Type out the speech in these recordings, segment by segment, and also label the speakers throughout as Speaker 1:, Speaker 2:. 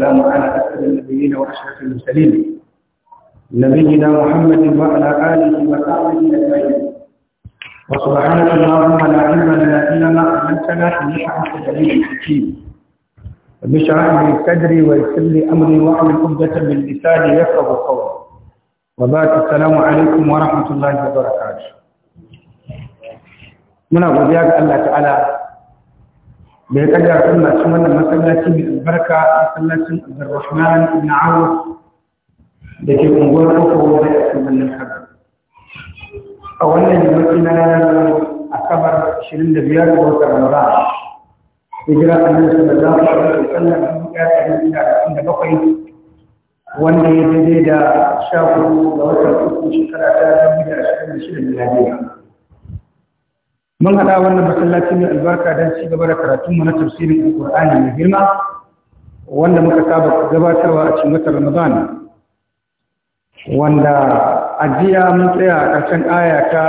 Speaker 1: والسلام على أسر النبيين وأشرف المرسلين نبينا محمد وعلى آله وصحبه أجمعين وسبحانك اللهم لا علم لنا إلا ما علمتنا إنك أنت العليم الحكيم رب اشرح لي صدري ويسر لي أمري واعمل عقدة من لساني يفقهوا قولي وبارك السلام عليكم ورحمة الله وبركاته muna godiya الله تعالى mai ya kaddara sallacin wannan masallaci mai albarka masallacin abdurrahman ibn awus da ke unguwar kowa da ya sanar da a wannan yammaci na asabar 25 ga watan ramadan hijira annabi da alaihi wasallam ya tsare da da bakwai wanda ya daidai da 14 ga watan uku shekara ta 2026 miladiya من هذا وانا بسلات من البركة دان سيقبرة دا كراتوم من تفسير القرآن من هرما وانا مكتابك جباتا واتشمة رمضان وانا أجيا من تيا كسن آية كا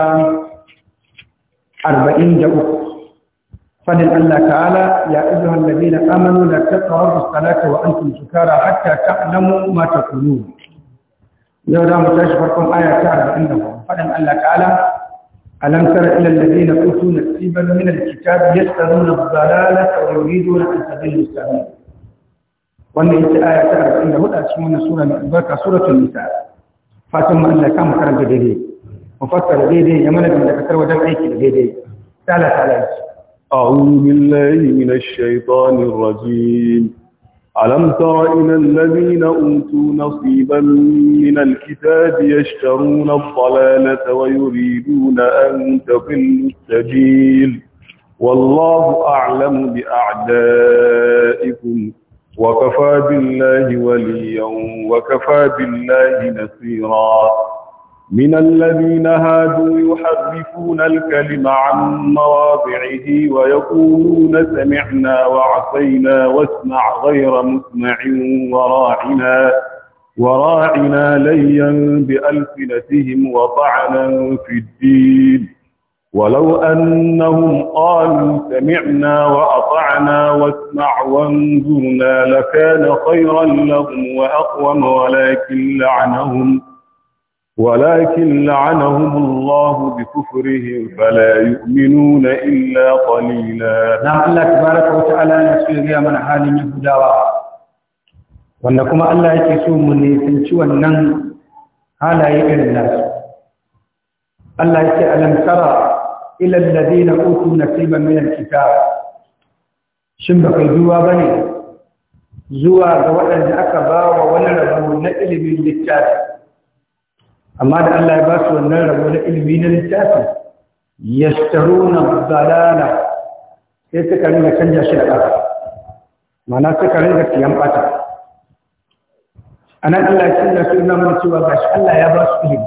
Speaker 1: أربعين جو فضل الله تعالى يا أيها الذين آمنوا لا تقربوا الصلاة وأنتم سكارى حتى تعلموا ما تقولون يا رب تشكركم آية كا أربعين جو فضل الله تعالى ألم تر إلى الذين أوتوا نصيبا من الكتاب يشترون الضلالة ويريدون أن تضلوا السبيل wannan ita aya ta arba'in da hudu a cikin wannan sura mai albarka suratul nisa fatan mu Allah kama da daidai mu daidai ya mana da kasar wajen aiki da daidai ta'ala ta'ala
Speaker 2: أعوذ بالله من الشيطان الرجيم ألم تر إلى الذين أوتوا نصيبا من الكتاب يشترون الضلالة ويريدون أن تضلوا السبيل والله أعلم بأعدائكم وكفى بالله وليا وكفى بالله نصيرا من الذين هادوا يحرفون الكلم عن مواضعه ويقولون سمعنا وعصينا واسمع غير مسمع وراعنا وراعنا ليا بألسنتهم وطعنا في الدين ولو أنهم قالوا سمعنا وأطعنا واسمع وانظرنا لكان خيرا لهم وأقوم ولكن لعنهم ولكن لعنهم الله بكفرهم فلا يؤمنون إلا قليلا نعم الله تبارك وتعالى يسير يا من حال يهدوا
Speaker 1: وأنكم الله يكسو من يسنشوا النن على يئر الناس الله يكي ألم ترى إلى الذين أوتوا نصيبا من الكتاب شنبك الجوا بني زوا وأن أكبا وولد من الإلم للتاتي amma da Allah ya ba su wannan rabo na ilimi na littafi yastaruna dalala sai suka ringa canja shi da ƙasa ma'ana suka ringa siyan ɓata a nan Allah ya canza su ina mana cewa shi Allah ya ba su ilimi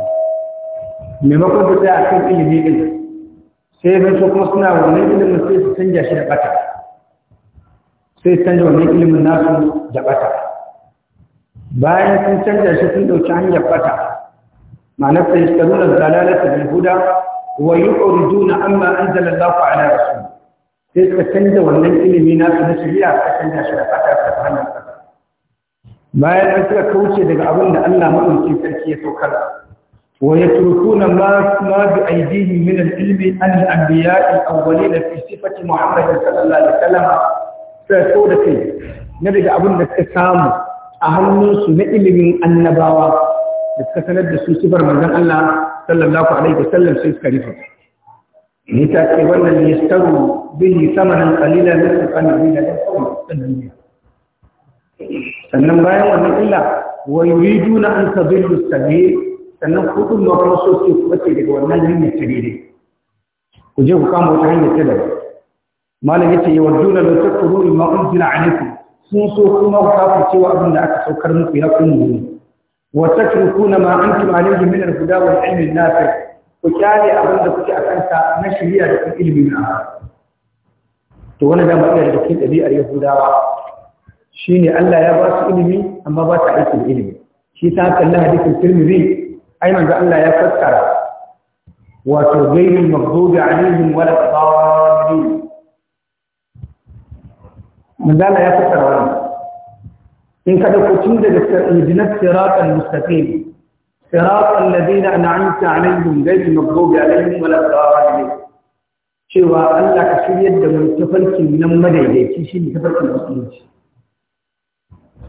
Speaker 1: maimakon da tsaya kan ilimi ɗin sai ban so kuma suna wannan ilimin sai su canja shi da ɓata sai su canja wannan ilimin nasu da ɓata bayan sun canja shi sun ɗauki hanyar ɓata ma'ana tsaristaru da dalalata da yahuda wa yi ƙoridu na an ma an zala za ku rasu sai suka canza wannan ilimi na su na shirya a kan da shi a ƙasa ta hannun ƙasa bayan an suka kauce daga abin da allah ma'amci sarki ya saukar wa ya turku na ma bi aidihi min al'ilmi an al'abiya in awwali da fi sifati muhammad sallallahu alaihi wasallam sai so da kai na daga abin da suka samu a hannunsu na ilimin annabawa da suka sanar da su sifar manzon Allah sallallahu alaihi wa sallam, sai suka rufe Ni ta ce wannan ne staru bihi samanan qalila min al-qalila da sannan sannan bayan wannan illa wa yuriduna an tadillu sabil sannan kudin ma kuma so su kuma ce daga wannan hanyar ta daidai ku je ku kama wata hanyar ta daban malam yace yawaduna la takfuru ma unzila alaikum sun so kuma ku kafircewa abin da aka saukar muku ya kun mu وتتركون ما أنتم عليه من الهدى والعلم النافع وكالي أبن ذكي أكنسا نشهي أدخل إلمي من أهار تقول لنا مؤمن ذكي أبي اليهودا شيني ألا يباس إلمي أما باس عيس الإلمي شي ثابت الله الكلمه ذي ايما من ذا ألا يفكر وتغير المغضوب عليهم ولا الضالين من ذا لا يفكر ولا ان کا پوچھیں گے کہ المستقيم صراط الذين انعمت عليهم غير المغضوب عليهم ولا الضالين شوا الله كشيد من تفلك من مدهي شي شي من المسلمين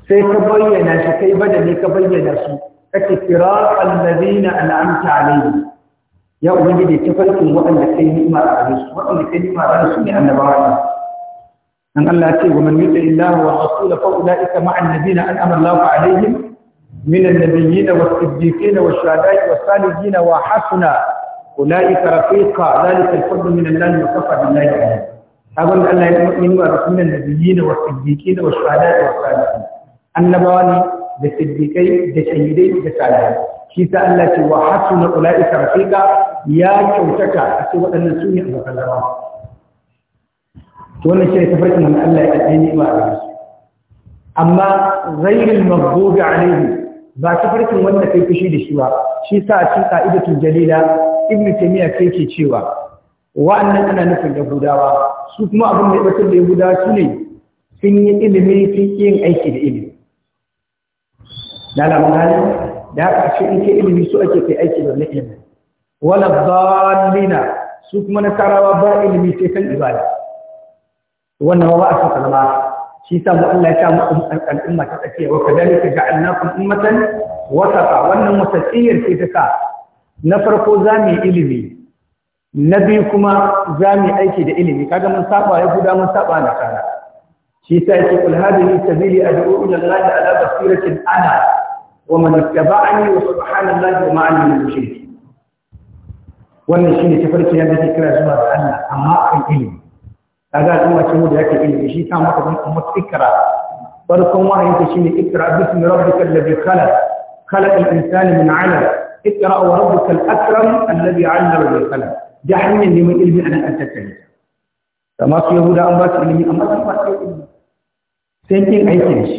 Speaker 1: سيكبوي انا شكي بدني كبي نفسي كتي صراط الذين انعمت عليهم يا ولدي تفلك وان كان ما عليه وان كان ما عليه سني انا بعدي أن الله تي ومن يطع الله ورسوله فأولئك مع الذين أنعم الله عليهم من النبيين والصديقين والشهداء والصالحين وحسن أولئك رفيقا ذلك الفضل من الله وكفى بالله عليم أقول أن المؤمنين ورسول النبيين والصديقين والشهداء والصالحين النبواني بالصديقين بالشهيدين بالصالحين كيف الله تي وحسن أولئك رفيقا يا كوتك أسوأ النسوني أبو الله to wannan shi ne tafarkin da Allah ya ajiye ni'ima a gare amma ghairil maghdubi alaihi ba tafarkin wanda kai fushi da shi ba shi sa a cikin ka'idatul jalila ibnu taymiya kai ke cewa wa'annan ana nufin yahudawa su kuma abin da ya batar da yahudawa su ne sun yi ilimi sun yin aiki da ilimi lalamin hali da aka ce in ke ilimi su ake kai aiki da wani ilimi wala dalina su kuma nasarawa ba ilimi sai kan ibada wannan ba a saka zama shi sa mu Allah ya sa mu al'umma ta tsakiya wa kadalika ja'alnakum ummatan wasafa wannan wasatsiyar ce ta sa na farko za ilimi na biyu kuma za aiki da ilimi kaga mun saba ya guda mun saba na kara shi sa yake kul hadhihi sabili ad'u ila Allah ala basiratin ana wa man ittaba'ani wa subhanallahi wa ma ana min mushrik wannan shine tafarki da kira zuwa ga Allah amma akan ilimi kaga al'umma ce mu da yake ilimi shi ta maka bin ummat ikra farkon wahayin ta shine ikra bismi rabbikal ladhi khalaq khalaqal insana min 'alaq ikra wa rabbukal akram alladhi 'allama bil qalam da hanyar neman ilimi anan an tattare kama su yahuda an ba su ilimi amma sun ba su ilimi sai kin aikin shi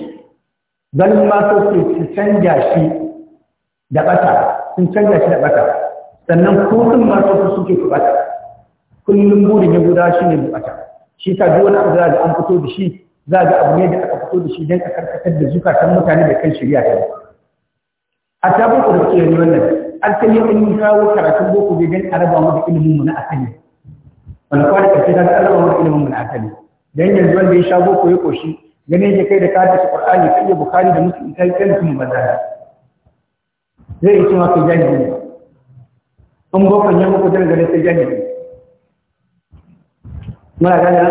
Speaker 1: zalin ma so su canja shi da bata sun canja shi da bata sannan ko sun ma so su suke ku bata kullum burin yahuda shine bukata shi ta ji wani abu za ga an fito da shi za ga abu ne da aka fito da shi don a karkatar da zukatan mutane da kan shirya ta a tabin ku da kuke yi wannan an san yi an yi kawo karatun boko bai don a raba mu da ilimin mu na asali wani kwana ƙarshe ta an raba mu da ilimin mu na asali don yanzu wanda ya sha boko ya koshi ganin yake kai da ka tafi Qur'ani kai bukari da Muslim kai kan mutum maza zai yi cewa kai jahili ne in boko ya ku dangane sai jahili muna gane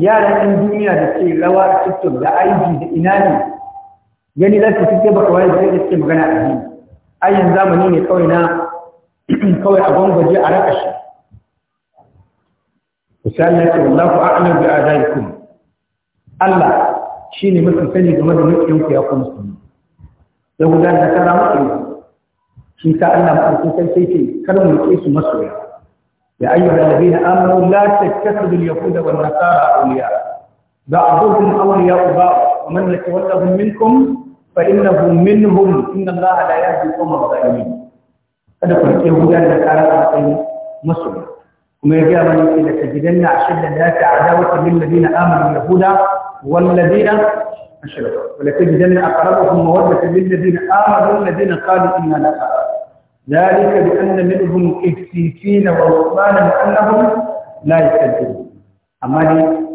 Speaker 1: yaran ɗan duniya da ke rawa a tiktok da aiki da ina ne gani za su fito baka wani da suke magana a jini ayin zamani ne kawai na kawai a gwangwaje a raka shi misali ya ce wallahu a'lam bi adaikum Allah shine mafi sani game da mutum ya kuma da gudanar da tara mutum shi ta Allah mutum sai sai ce kar mu ke su masoya يا أيها الذين آمنوا لا تتخذوا اليهود والنصارى أولياء بعضهم أولياء بعض ومن يتولهم منكم فإنه منهم إن الله لا يهدي القوم الظالمين هذا كنت يهودا النصارى أعطي مصر وما يجي من لتجدن أشد الناس عداوة للذين آمنوا اليهود والذين أشركوا ولتجدن أقربهم مودة للذين آمنوا الذين قالوا إنا نصارى ذلك بأن منهم إكسيسين وعثمانا أنهم لا يكذبون أما دي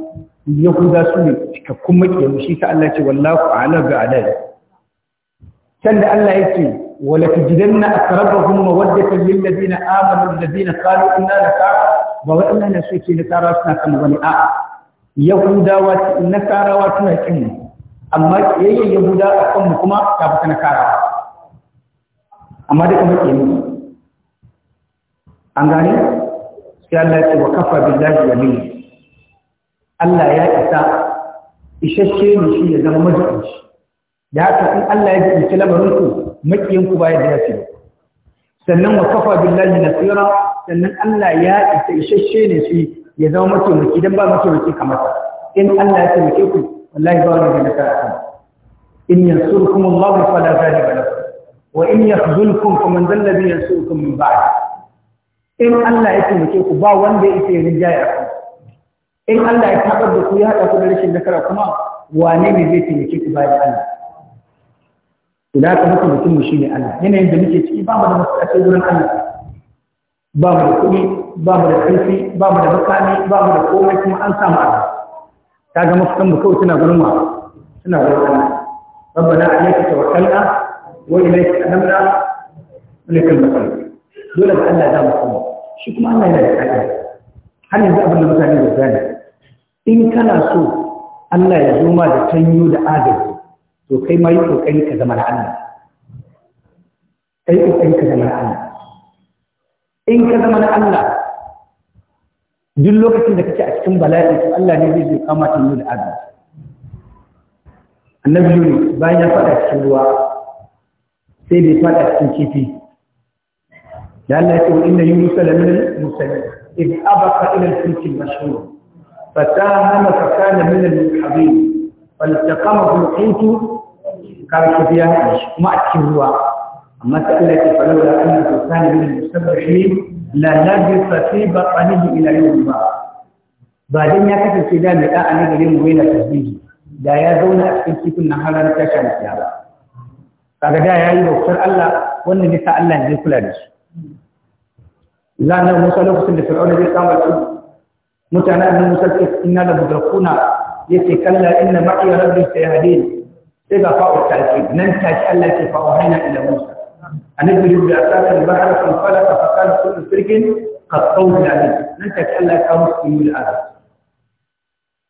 Speaker 1: yahuda su ne cikakkun makiyamu shi ta Allah ce wallahu a'lam bi adal can da Allah yake wala tajidanna aqrabahum mawaddatan lil ladina amanu lil ladina qalu inna nasara ba wa Allah ne su ke nasara suna suna amma yahuda akan kuma ta fi amma duka muke ne an gane sai Allah ya ce wa kafa billahi wali Allah ya isa isasshe ne shi ya zama majiyanci da haka in Allah ya jiyanci lamarin ku makiyin ku baya da ya ce sannan wa kafa billahi nasira sannan Allah ya isa isasshe ne shi ya zama mataimaki dan ba mataimaki kamar sa in Allah ya taimake ku wallahi ba wani da nasara in yansurkum Allah fala ghaliba وإن يخذلكم فمن ذا الذي ينصركم من بعد إن الله يتمكن ku ba wanda yake rinjaya ku in Allah ya tabar da ku ya hada ku da rashin nakara kuma wane ne zai taimake ku bayan Allah idan ka mutum mutum mu shine Allah yanayin da muke ciki ba mu da masu wurin Allah ba mu da kuɗi ba mu da ƙarfi ba mu da makami ba mu da komai kuma an samu Allah ta ga mafitan mu kawai suna gurin ma suna gurin Allah ربنا عليك توكلنا وإليك أنمنا ملك المصير دولة أن لا دام قوم شوك ما أنه لا يتحدث هل يزال أبن المثالي والثاني إن كان سوء أن لا يزوم لتنيو تنيو لآدم وكي ما يقول كي كزمن عنا أي يقول كي عنا إن كزمن عنا duk lokacin إنك تأتكم a cikin bala'i to Allah ne zai kama ta nuna azu annabi sai bai fada cikin kifi da Allah ya ce wa inna yunusa la min al-musallin idh abaqa ila al-fulk al-mashhur fatahama fa kana min al-muhabin faltaqamahu al-hut kan kifiya kuma a cikin ruwa amma sai Allah ya ce falawla annahu kana min al-musabbihin la labisa fi batnihi ila yawm ba dan ya kasance da mai da'a ne gare mu yana tasbihi da ya zauna a cikin kifin nan har ran tashin kiyama kaga da ya yayi bautar Allah wannan ne sa Allah ne kula da su zanan Musa lokacin da Fir'auna zai kama su mutanen annabi Musa ce inna la mudrakuna yace kalla inna ma'i rabbi sayahdin sai ga fa'u ta'kid nan take Allah ke fa'u haina ila Musa annabi da asaka al-bahr fa falaka fa kana kullu firqin qad min. nan take Allah ya kawo su yi al'ada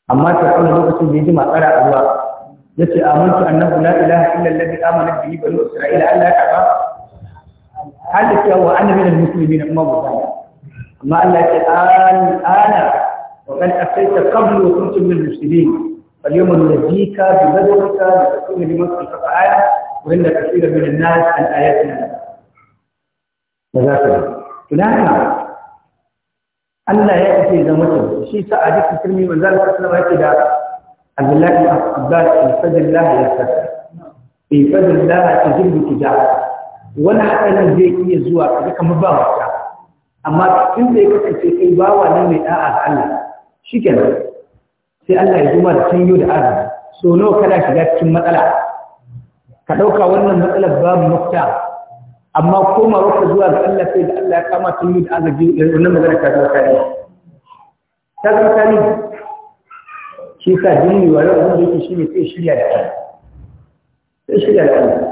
Speaker 1: amma ta kawai lokacin da ya ji matsara a ruwa التي آمنت أنه لا إله إلا الذي آمنت به بنو إسرائيل ألا تعبر هل هو أنا من المسلمين ما هو ذلك أما التي الآن أنا وقد اتيت قبل وكنت من المسلمين فاليوم ننجيك ببدرك لتكون لمصر فقعان وإن كثيرا من الناس عن آياتنا مذاكرة تلاحظ أن لا يأتي زمته شيء سأجد في كلمة وزارة الله يأتي عبد الله بن عباس في فضل الله في فضل الله تجد تجارة wani hakanan zai iya zuwa kaga kamar ba wata amma in zai kasance kai bawa ne mai da'a ga Allah shikenan sai Allah ya zuma da canyo da arziki so nawa kana shiga cikin matsala ka ɗauka wannan matsalar babu mafita amma koma wata zuwa ga Allah sai da Allah ya kama canyo da ta shi sa jini wa yau da yake shi ne sai shirya da kai sai shirya da kai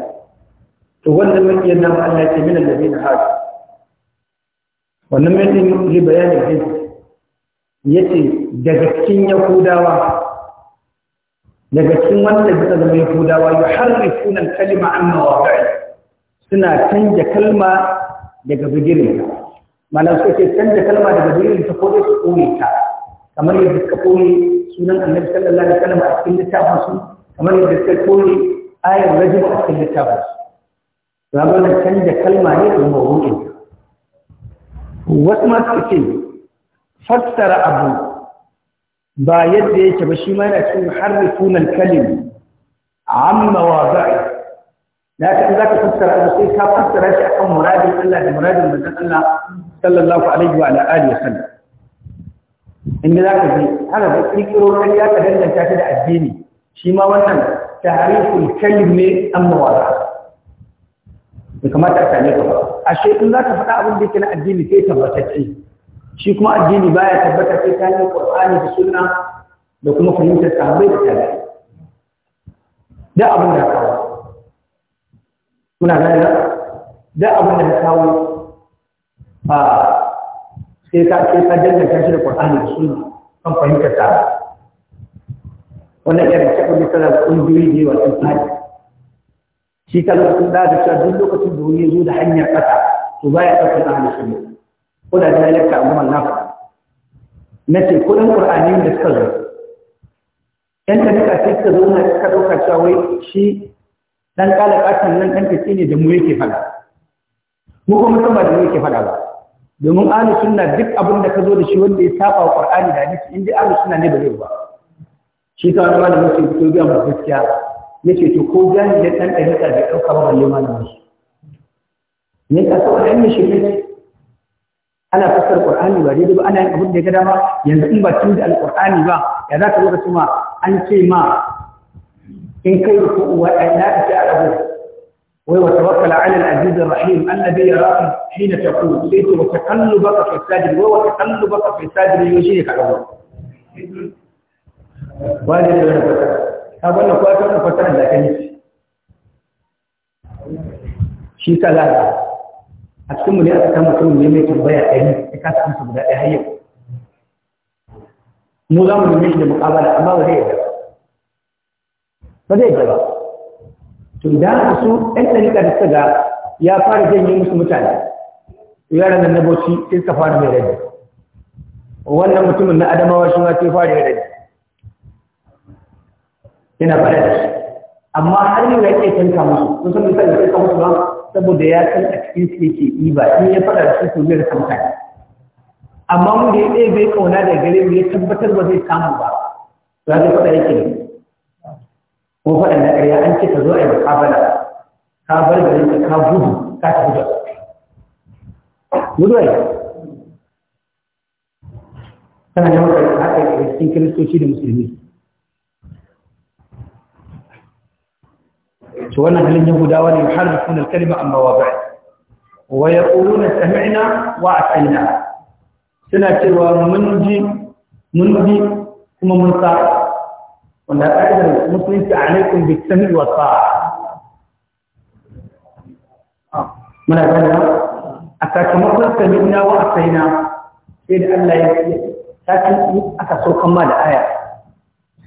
Speaker 1: to wannan makiyan nan Allah ya ce min alladhina haka wannan makiyan yi bayani ne yace daga cikin yahudawa daga cikin wanda suka zama yahudawa yuharrifuna al-kalima an mawaqi'i suna canja kalma daga bigirin malam suke canja kalma daga bigirin ta ko su kore ta kamar yadda suka kore sunan annabi sallallahu alaihi wasallam a cikin littafin su kamar yadda suka kore ayar rajin a cikin littafin su ya ga canza kalma ne da mawuɗin wasu ma suka fassara abu ba yadda yake ba shi ma yana cikin harrifun al-kalim amma wa wada'i da ka za ka fassara abu sai ka fassara shi akan muradin Allah da muradin manzon Allah sallallahu alaihi wa alihi wasallam inda za ka je haka da kirkiro kan ya ka danganta shi da addini shi ma wannan tarihul kalme ne amma wara kamata a same ka ba a shekun za ka faɗa abin da yake na addini sai tabbatacce shi kuma addini baya tabbata sai ta yi qur'ani da sunna da kuma fahimtar sahabbai da tabi'i da abin da kawo muna gani da abin da kawo ah, sai ka ce ka danganta shi da Qur'ani da Sunna kan fahimtar ta wannan irin cikin misalan kungiyoyi ne wato tsari shi kalmar lokacin da cewa duk lokacin da wani zo da hanyar ƙasa, to baya ɗaukar ahlus sunna ko da da lakka amma na faɗa ko kudin Qur'ani da suka zo yan tafiya sai suka zo na suka ɗauka cewa wai shi dan kalakatan nan dan kace ne da mu yake faɗa mu kuma mutum ba da mu yake faɗa ba domin ahlus sunna duk abin da ka zo da shi wanda ya saba wa qur'ani da hadisi in dai ahlus sunna ne ba zai ba shi ka wani malamin sai fito biya mu gaskiya yace to ko jani da dan dariƙa bai dauka ba balle malamin shi ne ka so dan shi ne ana fassara qur'ani ba daidai ba ana yin abin da ya ga dama yanzu in ba tun da alqur'ani ba ya za ka zo ka ce ma an ce ma in kai ruku'u wa ayna ta abu ويتوكل على العزيز الرحيم الذي يراك حين تقول سيت وتقلبك في الساجد وتقلبك في الساجد يجيك على wani da wani fata ta wannan kuwa ta wani fata da kan yi shi ta lara a cikin mu ne aka kama mutum ne mai tambaya ɗari ya kasa amsa guda ɗaya har yau mu za mu nemi shi da muƙabala amma ba zai yi ba ba zai yi ba to da su ɗan ɗarika da suka ya fara janye musu mutane yaran rana na bauchi sai ka fara mai rabi wannan mutumin na adamawa shi ma sai fara mai rabi yana fara da shi amma har yau ya ke musu sun san misali sai ka musu ba saboda ya san a cikin su yake ba, in ya fara da shi su zai rasa mutane amma mun da ya ɗaya bai kauna da gare ya tabbatar ba zai samu ba za zai faɗa yake ne ko faɗin na ƙarya an ce ka zo a yi mukabala ka bar garin ka ka gudu ka tafi da gudu ai kana ne mutane haka da cikin kiristoci da musulmi to wannan halin yahudawa ne yuharrifuna al-kalima amma ba wa yaquluna sami'na wa ata'na suna cewa mun ji mun ji kuma mun sa وأن أجر المسلم عليكم بالسمع والطاعة. آه. من أجل أتاك مخلص سمعنا وأعطينا سيد الله يسير لكن آية. أتى سوق ما الآية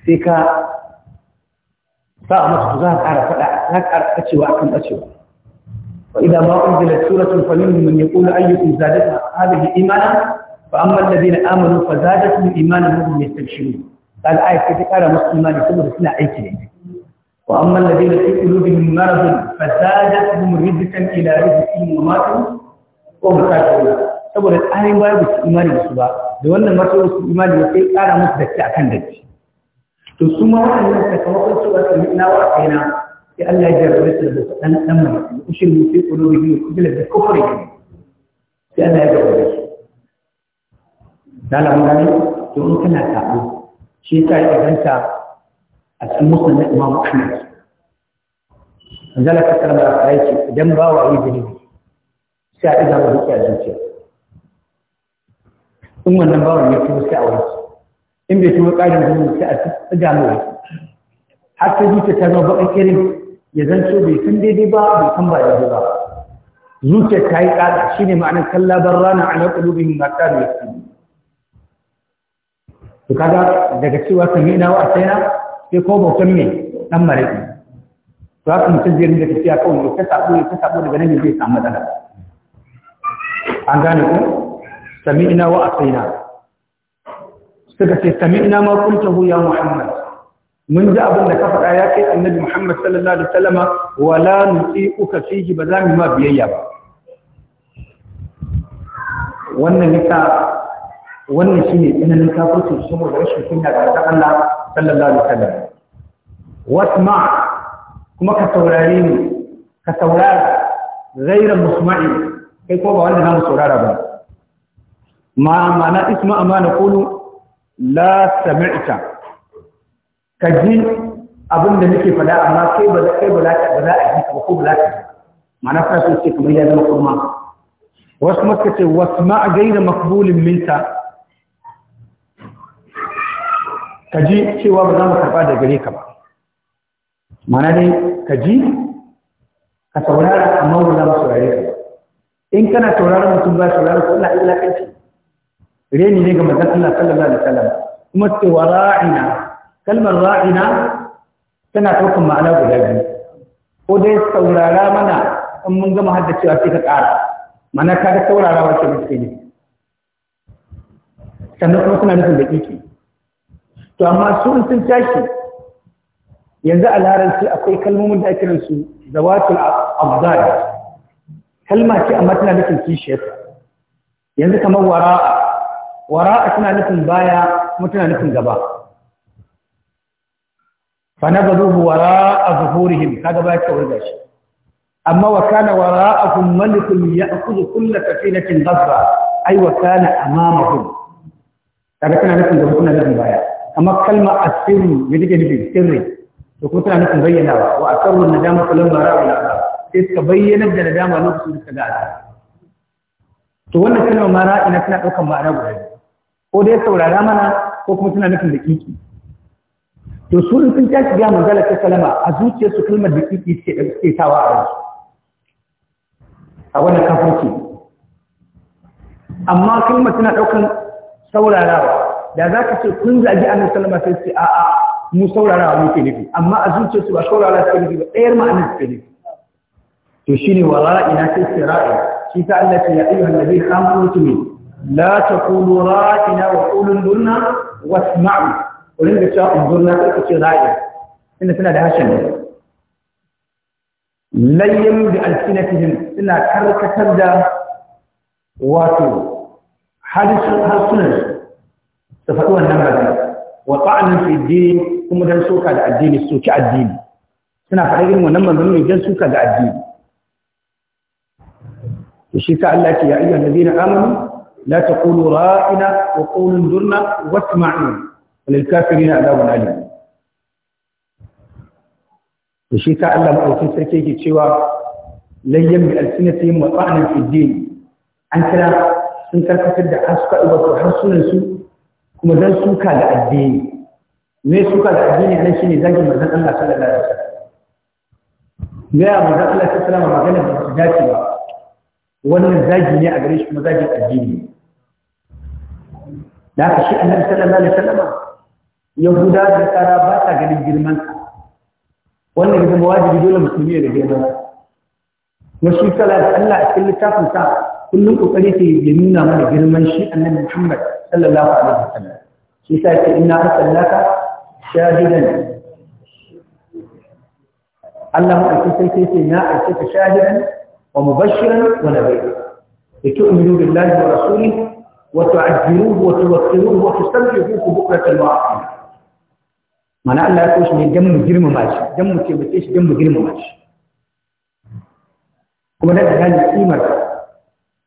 Speaker 1: سيكا فأنا سوزان أعرف لك أعرف أشي وأكم أشي وإذا ما أنزلت سورة فمنهم من يقول أيكم زادتها هذه إيمانا فأما الذين آمنوا فزادتهم إيمانا هم يستبشرون قال آية تقال مسلمان سنة رسنا عيكي وأما الذين في قلوبهم مرض فزادتهم رزقا إلى رزقهم وماتوا وهم كافرون saboda tsarin baya ba su imani da su ba da wannan masu su imani ba sai kara musu datti akan datti to su ma wannan sakamakon su ba su yi na a kaina sai Allah ya jarrabe su da dan dan mai ushin mu sai kulo biyu da sai Allah ya jarrabe da to in kana shi ta yi ɗanta a cikin musulun na imamu ahmad zala ta karɓar a ce idan ba wa yi zunubi sai a ɗiga wani ke a zuciya in wannan bawan ya tuwo sai a wani in bai tuwo ƙarin zunubi sai a ɗiga mai har ta zuciya ta zama baƙin irin ya zanto bai san daidai ba bai san ba daidai ba zuciya ta yi ƙada shi ne ma'anar ban rana a lokacin ƙulubin mata da to kaga daga cewa sami'na wa atayna sai ko bautan mai dan maraki to haka mutum zai rinda tafiya kawai ya ta sabo ya ta sabo daga nan zai samu matsala an gane ko ina wa atayna suka ce sami ina ma kuntahu ya muhammad mun ji abin da ka faɗa ya kai annabi muhammad sallallahu alaihi wasallama wala uka fihi ba za mu ma biyayya ba wannan yasa wannan shi shine tsananin kafirci saboda rashin kunya ga Allah sallallahu alaihi wasallam wasma kuma ka saurare ni ka saurara ghayra musma'i kai ko ba wanda zamu saurara ba ma mana isma na naqulu la sami'ta ka ji abin da nake faɗa amma kai ba kai ba za ba za a ji ka ko ba za ka mana fa sai kamar ya zama kurma wasu maka ce wasma ghayra maqbulin minka ka ji cewa ba za mu karɓa da gare ka ba mana dai ka ji ka saurara amma ba za mu saurare ka ba in kana sauraron mutum ba saurara ko Allah illa kanci reni ne ga manzon Allah sallallahu alaihi wasallam kuma wa ra'ina kalmar ra'ina tana ɗaukar ma'ana guda biyu ko dai saurara mana in mun gama haddacewa sai ka ƙara mana ka ga saurara wacce mutum ne sannan kuma suna nufin da daƙiƙi to amma sun sun tashi yanzu a larabci akwai kalmomin da ake ransu zawatul abdad kalma ce amma tana nufin kishiyar yanzu kamar wara'a wara'a tana nufin baya kuma tana nufin gaba fa nabaduhu wara'a zuhurihim kaga ba ka da shi amma wa kana wara'ahum malikun ya'khudhu kull safinatin ghasba Ai wa kana amamahum kaga tana nufin gaba tana nufin baya kamar kalma sirri da take nufi sirri to kuma tana nufin bayyana ba, wa asarru nadama kalan bara ba sai suka bayyana da na dama lokacin da suka ga to wannan kalma mara ina tana ɗaukan ma'ana guda ko dai saurara mana ko kuma tana nufin kiki to su in sun tashi ga manzala ta salama, a zuciyarsu kalmar da ce da suke tawa a ransu a wannan kafirci amma kalmar tana daukan saurarawa da za ka ce kun zagi annabi sallallahu alaihi wasallam sai a'a mu saurara mu ke nufi amma a su ba saurara suke nufi ba ɗayar ma'anar suke nufi to shine wala ina sai sira'i shi ta Allah ce ya ayyuhan nabi khamu mutumi la taqulu ra'ina wa qulu dunna wasma'u wurin da cewa undurna sai ku ce ra'i inda suna da hashin layyin da alfinatihim suna karkatar da wato harsunan ta faɗi wannan magana wa ta'anin fi din kuma dan suka da addini soki addini suna faɗa irin wannan manzon ne dan soka da addini to shi ka Allah ce ya ayyuhal ladina amanu la taqulu ra'ina wa qulu durna wasma'u lil kafirina adabun alim to shi ka Allah madaukin sarki yake cewa layyan bi alsinatihim wa ta'anin fi din an kira sun karkatar da asuka ibasu harsunan su kuma zan suka da addini me suka da addini nan shine zaki manzon Allah sallallahu alaihi wasallam gaya manzon Allah sallallahu alaihi wasallam magana da su dace ba wannan zagi ne a gare shi kuma zagin addini ne da haka shi annabi sallallahu alaihi wasallam yahuda da tsara ba ta ganin girman wannan ya zama wajibi dole musulmi da girman ba. Wasu sallallahu Allah a cikin littafin sa kullum kokari ke ya nuna mana girman shi annabi Muhammad sallallahu alaihi wasallam shi sa ce inna arsalnaka shahidan Allah mu aiki sai sai na aiki لتؤمنوا بالله ورسوله وتعذروه وتوقروه وتسبحوه بكرة وعصيلا mana Allah ya so ne dan mu girmama shi dan mu ce bace mu girmama shi kuma da gani kimar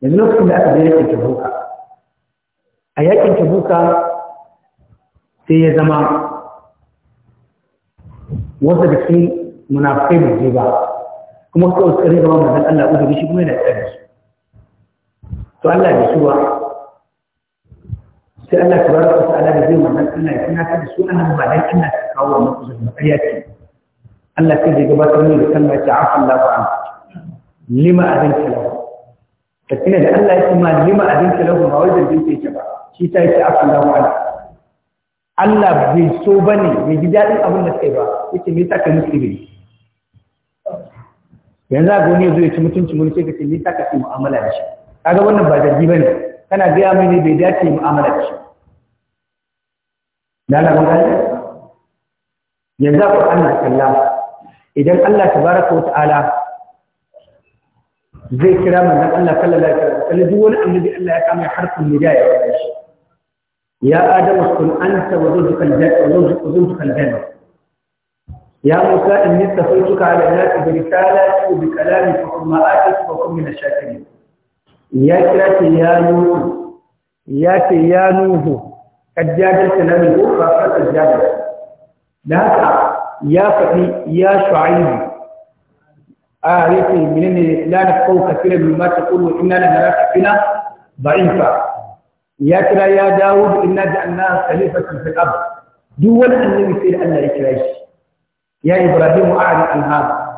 Speaker 1: yanzu lokacin da aka je yake tabuka a yakin tabuka sai ya zama wasu da cikin munafikai ba ba kuma suka wasu kare zama mazan Allah uzuri shi kuma yana tsare su to Allah bai su ba sai Allah ta baraka wasu ala da zai mazan Allah ya tana ta da su annan ba dan Allah ta kawo wa mutu zuwa ƙarya ce Allah sai zai gabatar ne da kalmar ta afa Allah ba lima abin talahu ta tuna da Allah ya kuma lima abin talahu ba wajen zargin ta ba shi ta yi akan da wani Allah bai so ba ne bai ji daɗin abin da yi ba yake mai taka ka nufi bai yanzu a gani zuwa ya ci mutuncin wani sai ka ce me yasa ka mu'amala da shi kaga wannan ba jirgi ba ne kana gaya mai ne bai dace mu'amala da shi da Allah yanzu a Qur'ani da kalla idan Allah baraka wa ta'ala zai kira zan Allah sallallahu alaihi wasallam duk wani annabi Allah ya kama harfin nidaya ya shi ya Adamu kun anta wa zuntuka aljanna zuntuka aljanna ya musa inni tafaituka ala nati bi risalati bi kalami fa kuma atatu wa kuma min ashakirin ya kira ki ya ce ya nuhu kad jadalta na min ba fa kad jadalta da haka ya faɗi ya shu'aib a yake menene la na kauka kira min ma ta kullu inna la nara fina يا كرا يا داود إن جعلناه خليفة في الأرض دول أن يصير أن يكرش يا إبراهيم أعرف عن هذا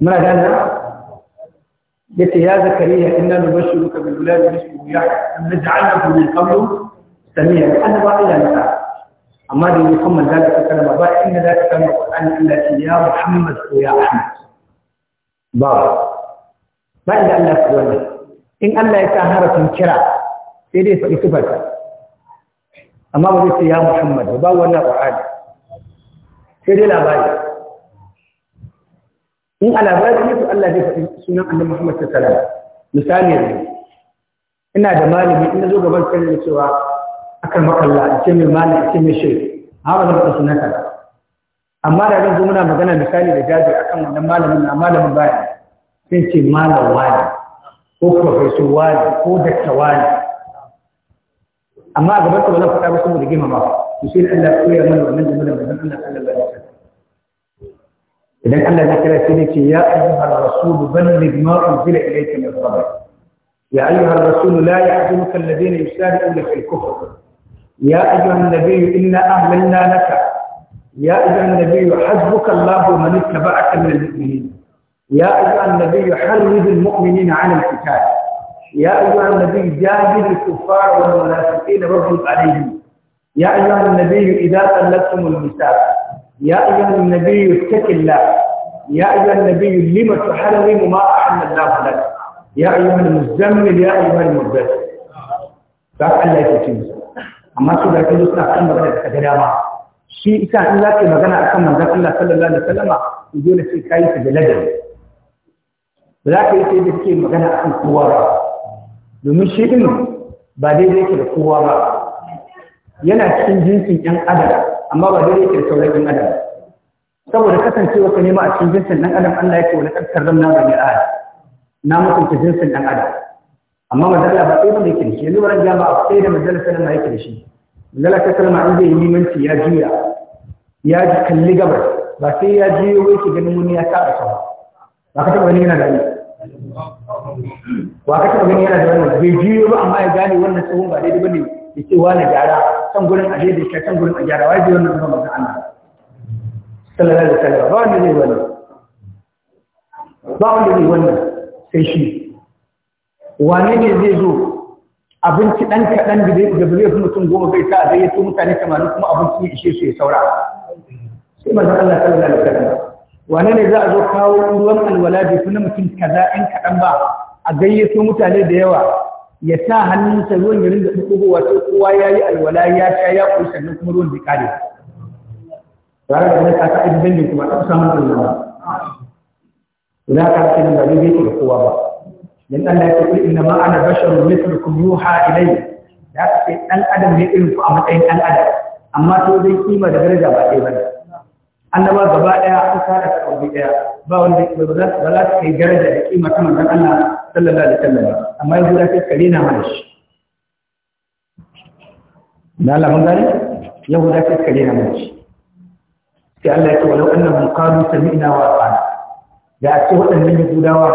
Speaker 1: ما قالنا قلت يا زكريا إنا نبشرك بالولاد اسمه يحيى أن نجعله من قبل سميع أنا بقي أنا أما دي محمد ذلك كان بابا إن ذلك كان القرآن إلا يا محمد ويا أحمد بابا ما إلا الله سبحانه إن الله يتأهر في الكرام sai dai faɗi sifarsa amma ba zai ce ya muhammad ba babu wannan ƙwa'ani sai dai labari in a labarin ne su Allah zai faɗi sunan annan muhammad ta alaihi misali ne ina da malami ina zo gaban kan da cewa akan makalla a ce mai malami a ce mai shirin ha ba zan faɗi sunanka amma da zan zo muna magana misali da jaji akan wannan malamin na malamin baya sai ce malam wani ko profesor wani ko dakta wani أما أجبت ولا فتاة بسمه لجي ما بعض يسير ألا أقول يا من ومن ومن ومن أنا ألا بأسه إذن ألا ذكر سيدك يا أيها الرسول بلغ ما أنزل إليك من قبل يا أيها الرسول لا يحزنك الذين يسارعون في الكفر يا أيها النبي إنا أهلنا لك يا أيها النبي حزبك الله من اتبعك من المؤمنين يا أيها النبي حرّد المؤمنين عن الكتاب يا أيها النبي جاهد الكفار والمنافقين واغلب عليهم يا أيها النبي إذا طلقتم النساء يا أيها النبي اتق الله يا أيها النبي لم تحرم ما أحل الله لك يا أيها المزمل يا أيها المدثر فقال الله يكتب amma su domin shi ɗin ba daidai yake da kowa ba yana cikin jinsin ɗan adam amma ba daidai yake da sauran ɗan adam saboda kasancewa ka nema a cikin jinsin ɗan adam Allah ya ce wani ƙarƙar ramna ga ni adam na mutunta jinsin ɗan adam amma mazalla ba sai ba yake da shi yanzu wurin jama'a sai da mazalla salama yake da shi mazalla ta salama an zai yi limanci ya juya ya kalli gabar ba sai ya juyo wai ki ganin wani ya saba ba ba ka taɓa wani yana da ni wa ka taɓa ganin yana da wannan bai juyo ba amma ya gane wannan tsohon ba daidai bane ya ce wani gyara can gurin a daidai shi can gurin a gyara wa bai wannan zama manzon Allah sallallahu alaihi wasallam ba wanda zai wannan ba wanda zai wannan sai shi wane ne zai zo abinci ɗan kaɗan da zai fi mutum goma bai sa a gayyato mutane tamanin kuma abinci ya ishe su ya saura sai manzo Allah sallallahu alaihi wasallam wane ne za a zo kawo ruwan alwala bai fi na mutum kaza ɗan kaɗan ba a gayyato mutane da yawa ya sa hannunsa ruwan ya rinda ɗuɗɗugo wato kowa ya yi alwala ya sha ya koyi sannan kuma ruwan bai ƙare tare da wani kasa aiki dangin kuma ta samun alwala idan ka ce ba zai yake da kowa ba dan Allah ya ce inna ma ana basharun mithlukum yuha ilayya da ka ce dan adam ne irin ku a matsayin dan adam amma to dai kima da daraja ba ɗaya ba ne annaba gaba daya an kada ka kauji daya ba wanda ba za ba za ka yi da kima ta manzon Allah sallallahu alaihi wasallam amma yanzu da kai kare na mana shi da Allah mun gani yau da kai kare na mana shi sai Allah ya ce walau annahum qalu sami'na wa ata'na da a ce waɗannan yahudawa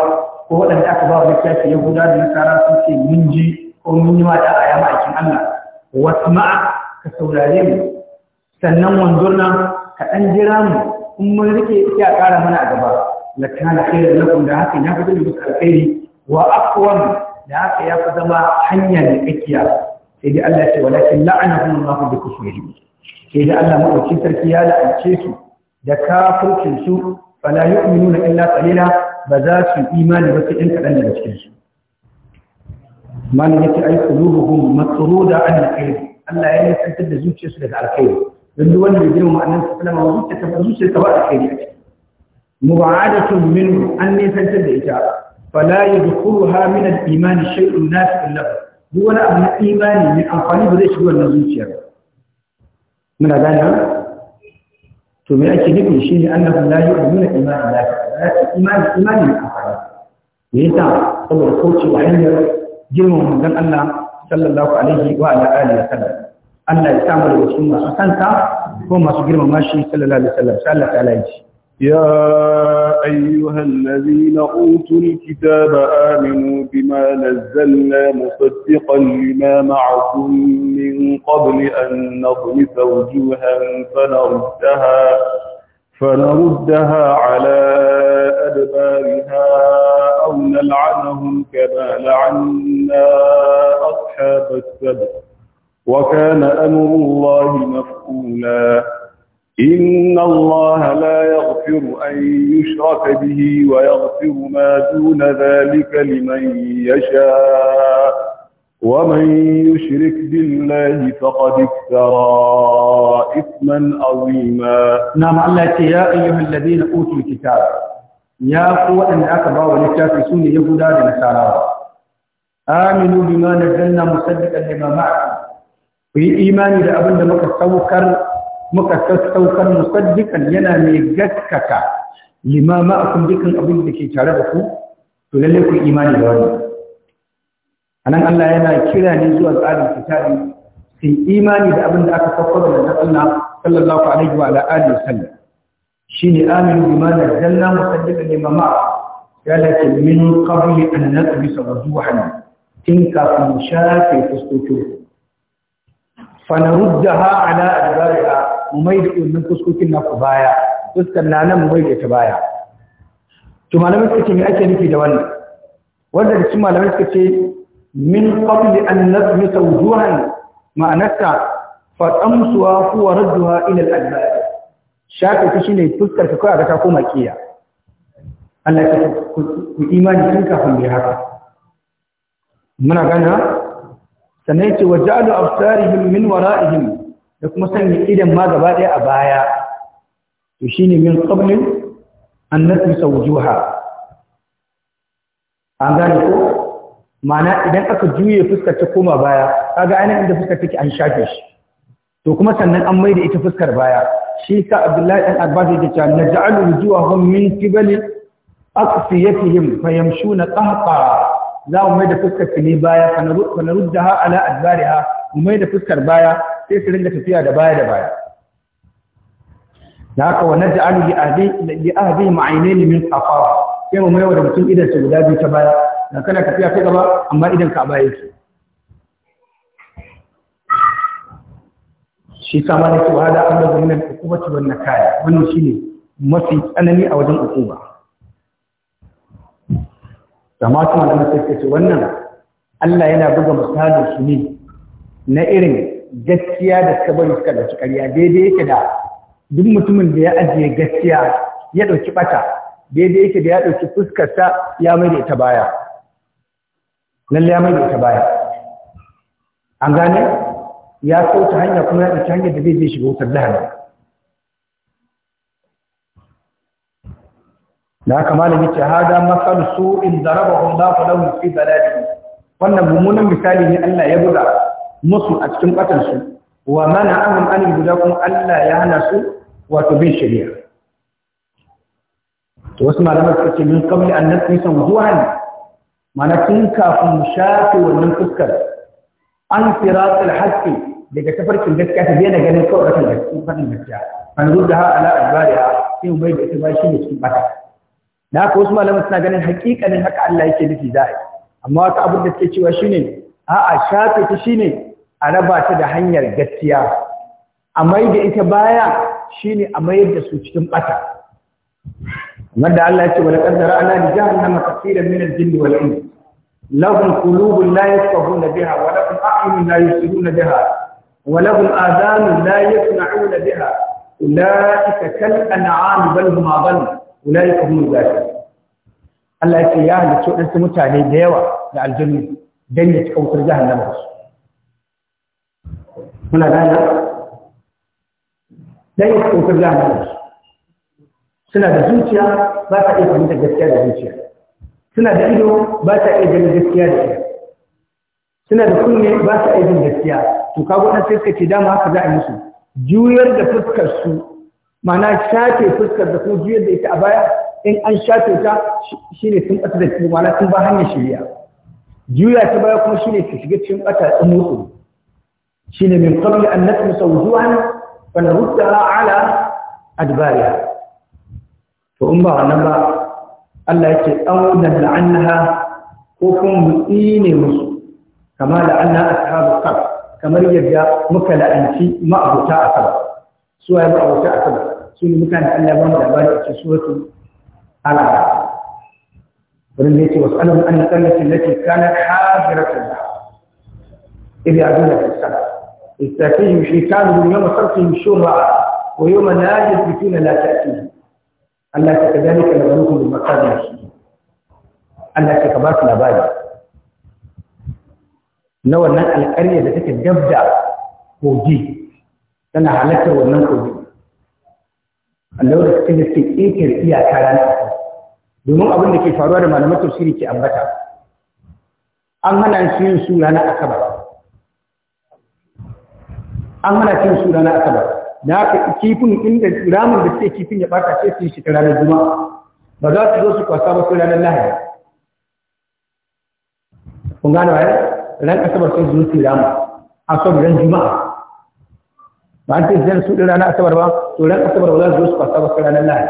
Speaker 1: ko waɗanda aka ba wa littafi yahudawa da nasara sun ce mun ji ko mun yi ma da ayama akin Allah wasma'a ka saurare mu sannan wanzurna Kaɗan ɗan jira mu in mun rike sai a ƙara mana a gaba la kana khairu lakum da haka ya fi zama musu alkhairi wa aqwam da haka ya fi zama hanya ne kakkiya sai dai Allah ya ce walakin kuma Allah bi kufrihim sai dai Allah madauki sarki ya la'ance su da kafircin su fala na illa qalila ba za su imani ba sai ɗan kaɗan daga cikin su malin yake ai qulubuhum matruda an alkhair Allah ya yi nisantar da zuciyarsu daga alkhairi don duk wanda ya girma annabi sallallahu alaihi wasallam zuciya ta ba da kai ne mubadatun min an nisantar da ita fala yadkhuruha min al-iman shay'un nafi'un lahu duk wani abu na imani ne amfani ba zai shiga wannan zuciyar muna gane to me ake nufi shine annabi la yu'minu imanin nafi'un imani imani mai amfani me yasa saboda kauce wa hanyar girman manzon Allah sallallahu alaihi wa ala alihi wasallam Allah ya samu da cikin masu santa ko masu girmama shi sallallahu alaihi wasallam sai Allah ta'ala
Speaker 2: يا أيها الذين أوتوا الكتاب آمنوا بما نزلنا مصدقا لما معكم من قبل أن نطمس وجوها فنردها فنردها على أدبارها أو نلعنهم كما لعنا أصحاب السبت وكان أمر الله مفعولا إن الله لا يغفر أن يشرك به ويغفر ما دون ذلك لمن يشاء ومن يشرك بالله فقد افترى إثما عظيما نعم الله يا أيها الذين أوتوا الكتاب
Speaker 1: يا قوة أن أكبر ولكافسون يهودا لنسارا آمنوا بما نزلنا مصدقا لما معكم ku yi imani da abin da muka saukar muka sassaukar musaddikan yana mai gaskaka limama a akum dukkan abin da ke tare da ku to lalle ku imani da A nan, Allah yana kira ne zuwa tsarin kitabi sai imani da abin da aka saukar da manzon Allah sallallahu alaihi wa alihi wasallam shine aminu bima zanna musaddiqan limama ya lati min qabli an natbisa wujuhan tin kafin shafe fuskokin fanaruddaha ala adbariha mu mai da wannan fuskokin na ku baya Fuskar na nan mu mai da ta baya to malamai suka ce me ake nufi da wannan wanda da su malamai suka ce min qabli an nadmisa wujuhan ma'anarta fa tsamsuwa kuwa radduha ila al-adbar shafe ta shine fuskar ka kawai ta koma kiya Allah ya ku imani tun kafin bai haka muna gana sannan ce wa ja'alu absarihim min wara'ihim da kuma sanya idan ma gaba daya a baya to shine min qablin an sau wujuha an gane ko mana idan aka juye fuskar ta koma baya kaga ainihin inda fuskar take an shafe shi to kuma sannan an maida ita fuskar baya shi ka abdullahi dan abbas yake cewa zuwa wujuhahum min qibali aqsiyatihim na qahqara za mu mai da fuskar ne baya fa ha ala ha mu mai da fuskar baya sai su ringa tafiya da baya da baya da haka wannan da alu ahdi li ahdi ma'aynain min qafawa sai mu mai da mutum idan su guda biyu ta baya dan kana tafiya ta gaba amma idan ka baya yake shi sa ma ne ko hada an da gumin ukuba ci wannan kaya wannan shine mafi tsanani a wajen hukuma Zama su malamai sai suka ce wannan Allah yana buga misalin su ne na irin gaskiya da suka bari suka ɗauki ƙarya daidai yake da duk mutumin da ya ajiye gaskiya ya ɗauki ɓata daidai yake da ya ɗauki fuskarsa ya mai da ita baya. Lallai ya mai da ita baya. An gane? Ya sauta hanya kuma ya ɗauki hanyar da zai je shiga wutar lahani. na haka malam yace hada masal su'in darabahu Allah lahu fi dalalihi wannan mummunan misali ne Allah ya buga musu a cikin batan su wa mana'ahum an yuda kuma Allah ya hana su wato bin shari'a to wasu malamai suka ce min qabli an nasisa mana tun kafin mu shafe wannan fuskar an siratul haqqi daga tafarkin gaskiya ta daina ganin kawai rashin gaskiya an zuwa ala albariya sai mu bai da ita ba shi ne cikin bata na haka wasu malaman suna ganin hakikanin haka Allah yake nufi za a yi amma wata abin da ke cewa shine a'a shafe ta shine a raba ta da hanyar gaskiya a mai da ita baya shine a mai da su cikin bata kamar da Allah ya ce wala qaddara ana li jahannama kaseeran min al-jinn wal ins lahum qulubun la na biha wa lahum a'yunun la yusiruna biha wa lahum adhanun la yasma'una biha ulaika kal an'am bal hum adall ulai ka hum zafi Allah ya ce ya halicci waɗansu mutane da yawa da aljannu dan ya cika wutar jahannama su muna na? dan ya cika wutar jahannama su suna da zuciya ba ta iya fahimtar gaskiya da zuciya suna da ido ba ta iya ganin gaskiya da zuciya, suna da kunne ba ta iya jin gaskiya to kago dan sai suka ce dama haka za a yi su, juyar da fuskar su ma'ana shafe fuskar da kuma juyar da ita a baya in an shafe ta shine sun ɓata da ma'ana sun ba hanyar shirya juya ta baya kuma shine ta shiga cikin ɓata ɗin mutu ne min qabli an natmisa wujuhan fa naruddaha ala adbariha to in ba wannan ba Allah ya ce an nal'annaha ko kuma mu ne musu kama la'anna ashabu kaf kamar yadda muka la'anci ma'abuta asaba suwaye ma'abuta asaba su ne mutane Allah ba mu labari a suratu wurin da yake wasu alamun an lati kana da ويوم لا يثبتون لا تأتيهم ألا كذلك نبلوكم بالمقام ألا كباس لبادي نوى أن القرية التي تبدأ كوجي wannan kogi a lokacin da suke ƙetare iyaka ranar domin abin da ke faruwa da malamai tafsiri ke ambata an hana su yin su ranar asabar an hana su yin su ranar asabar da haka kifin inda ramin da suke kifin ya ɓata sai su yi shi ta ranar juma'a ba za su zo su kwasa ba sai ranar lahadi kun gane wa ran asabar sun zuwa su ramu asabar ran juma'a مانتي زين سوري لانا اتبر با سوري لانا اتبر با جوز قصة بكرا لانا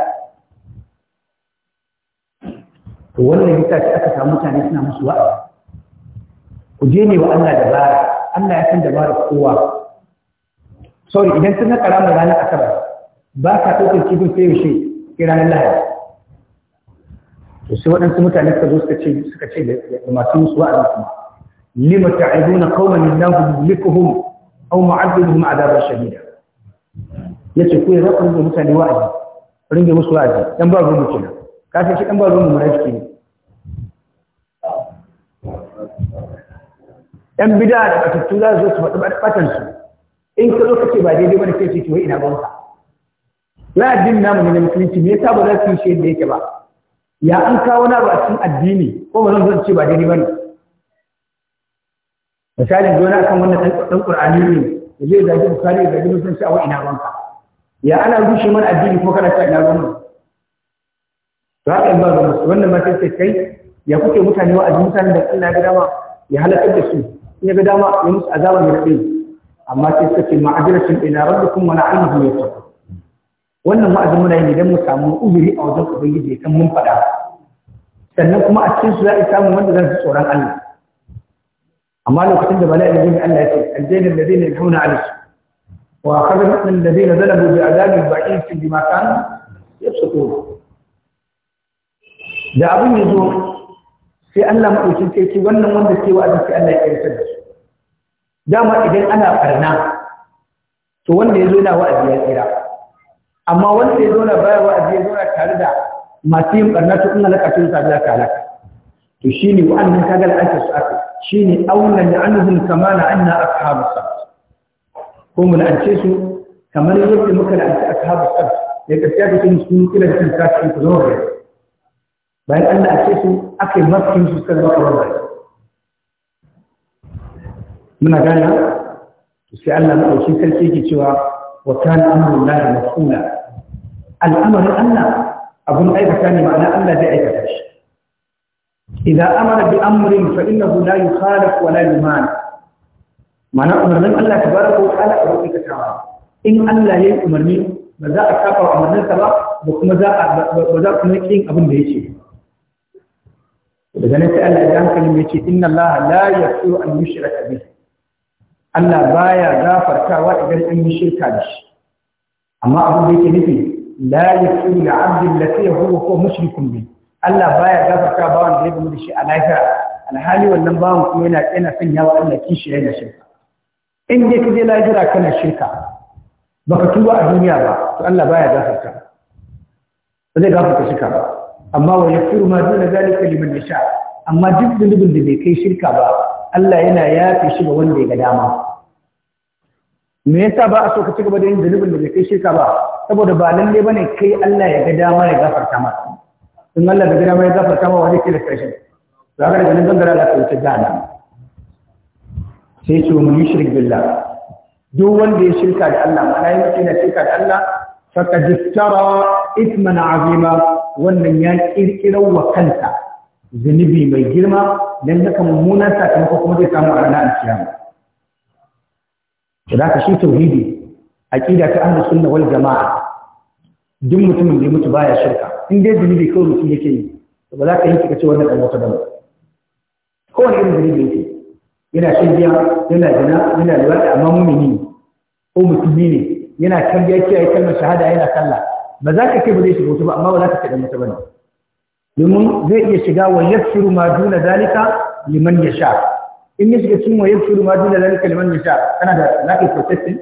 Speaker 1: وانا يتاك اتفع متعني اسنا مسوا وجيني وانا دبار انا يسن دبار قوة سوري اذا سنة كلام لانا اتبر با كاتوك الكيبو فيه وشي كرا لانا وسوى ان سمعت عليك تدوس كشيء كشيء لما تنسى وعد ما لم تعبون قوما الله يهلكهم او معذبهم عذابا شديدا ya ce ku ya zaɓa ringa mutane wa'azi ringa musu wa'azi ɗan ba ruwan kenan kafin shi ɗan ba ruwan munafiki ne ɗan bida da batattu za su zo su faɗi batansu in ka zo ka ce ba daidai ba da kai ce wai ina banka na addini namu ne na musulunci me yasa ba za su yi shi yadda yake ba ya an kawo na ba cikin addini ko ba zan zo ce ba daidai ba ne misalin na kan wannan ɗan ƙur'ani ne da zai zagi bukari da zagi musulunci a wa ina banka ya ana rushe mana addini ko kana ta ina ruwan to haka in ba ga musu wannan ma sai kai ya kuke mutane wa addini mutanen da Allah ya dama ya halakar da su in ya ga dama ya musu azaba ne rabe amma sai suka ce ma'ajiratin ila rabbikum wa la'annahu yattaqu wannan ma'azin muna yi ne idan mu samu uzuri a wajen ubangiji kan mun faɗa sannan kuma a cikin su za a samu wanda zan su tsoron Allah amma lokacin da bala'i ne Allah ya ce aljanna ladina yahuna alayhi وأخذنا من الذين ظلموا بعذاب بعيد بما كانوا يفسقون da abin ya zo sai Allah maɗaukin sarki wannan wanda ke wa'azin sai Allah ya ƙarfi da su dama idan ana ɓarna to wanda ya zo yana wa'azi ya tsira amma wanda ya zo na baya wa'azi ya zo na tare da masu yin ɓarna to ina laka tun sabiya kala halaka to shine wa'annan kagal ake su aka shine auna da annuhum kama na anna ashabu sa ko mu la'ance su kamar yadda muka la'anci ashabu sab da gaskiya da kuma sun kila da kanka cikin ku zama gari bayan an la'ance su aka yi mafkin su kan zama gari muna gane sai Allah na ɗauki sarki yake cewa wa kana amrun lahi mafula al'amarin Allah abun aikata ne ma'ana Allah zai aikata shi idan amara bi amrin fa innahu la yukhalaf wa la yumana mana umarnin Allah ta baraka wa ta'ala a rubuta ta in Allah ya yi umarni ba za a saba wa umarninsa ba ba kuma za a ba za kuma yin abin da yake daga nan sai Allah ya hankali mai ce inna Allah la yaghfiru an yushraka bihi Allah baya gafartawa idan an yi shirka da shi amma abin da yake nufi la yaghfiru li 'abdin lati huwa ko mushrikun bihi Allah baya gafarta bawan da ya gumu da shi a lahira alhali wannan bawan kuma yana yana sanyawa Allah kishi yana shirka in dai ka je lahira kana shirka baka tuba a duniya ba to Allah baya gafarta ba zai gafarta shirka ba amma wa yaghfiru ma duna zalika liman yasha amma duk zunubin da bai kai shirka ba Allah yana yafe shi ga wanda ya ga dama me yasa ba a so ka cigaba da yin zunubin da bai kai shirka ba saboda ba lalle bane kai Allah ya ga dama ya gafarta ma in Allah ya ga dama ya gafarta ma wani kila da kashi za ka da ganin gangara da kauce gana sai ce mu yushrik billah duk wanda ya shirka da Allah mana yin na shirka da Allah faqad iftara ithman azima wannan ya kirkira wa kanta zunubi mai girma dan haka mummunan sakamako kuma zai samu a ranar kiyama da ka shi tauhidi aqida ta ahlus sunna wal jamaa duk mutumin da ya mutu baya shirka in dai zunubi kawai mutum yake yi ba za ka yi kika ce wannan dan wata bane kowane irin zunubi yake yana shan yana zina yana liwaɗi amma mumini ne ko musulmi ne yana kan biya kiyaye kalmar shahada yana sallah ba za ka kai ba zai shiga wuta ba amma ba za ka kaɗa mata ba ne domin zai iya shiga wa yaksiru ma duna zalika liman ya sha in ya shiga cikin wa yaksiru ma duna zalika liman ya sha kana da za ka yi protesting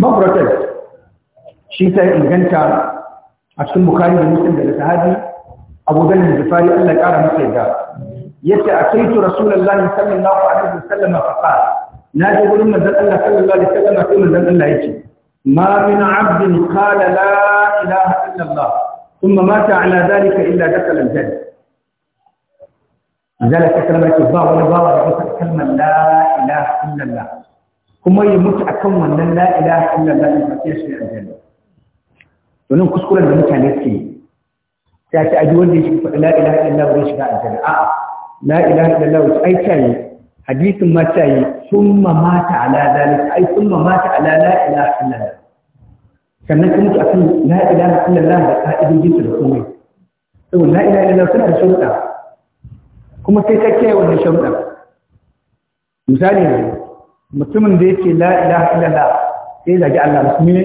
Speaker 1: ba protest shi ta inganta a cikin bukari da muslim daga sahabi abu ganin zufari allah ya ƙara masa yadda yace ataitu rasulullahi sallallahu alaihi wasallam fa qala naji gurin manzon Allah sallallahu alaihi wasallam sai manzon Allah yace ma min 'abdin qala la ilaha illa Allah thumma mata ala dhalika illa dakhala al-jannah zalika kalmatu ba wani bawa da ita kalma la ilaha illa Allah kuma ya mutu akan wannan la ilaha illa Allah ne sai shi aljanna wannan kuskuren da mutane suke yi sai a ji wanda ya shiga faɗi la ilaha illa Allah bai shiga aljanna a'a la ilaha illallah ai tayi hadisin ma tayi summa mata ala zalika ai summa mata ala la ilaha illallah sannan kuma ta akan la ilaha illallah da ka'idojin da komai saboda la ilaha suna da sharuɗa kuma sai ka kiyaye wannan sharuɗa misali mutumin da yake la ilaha illallah sai zagi Allah musulmi ne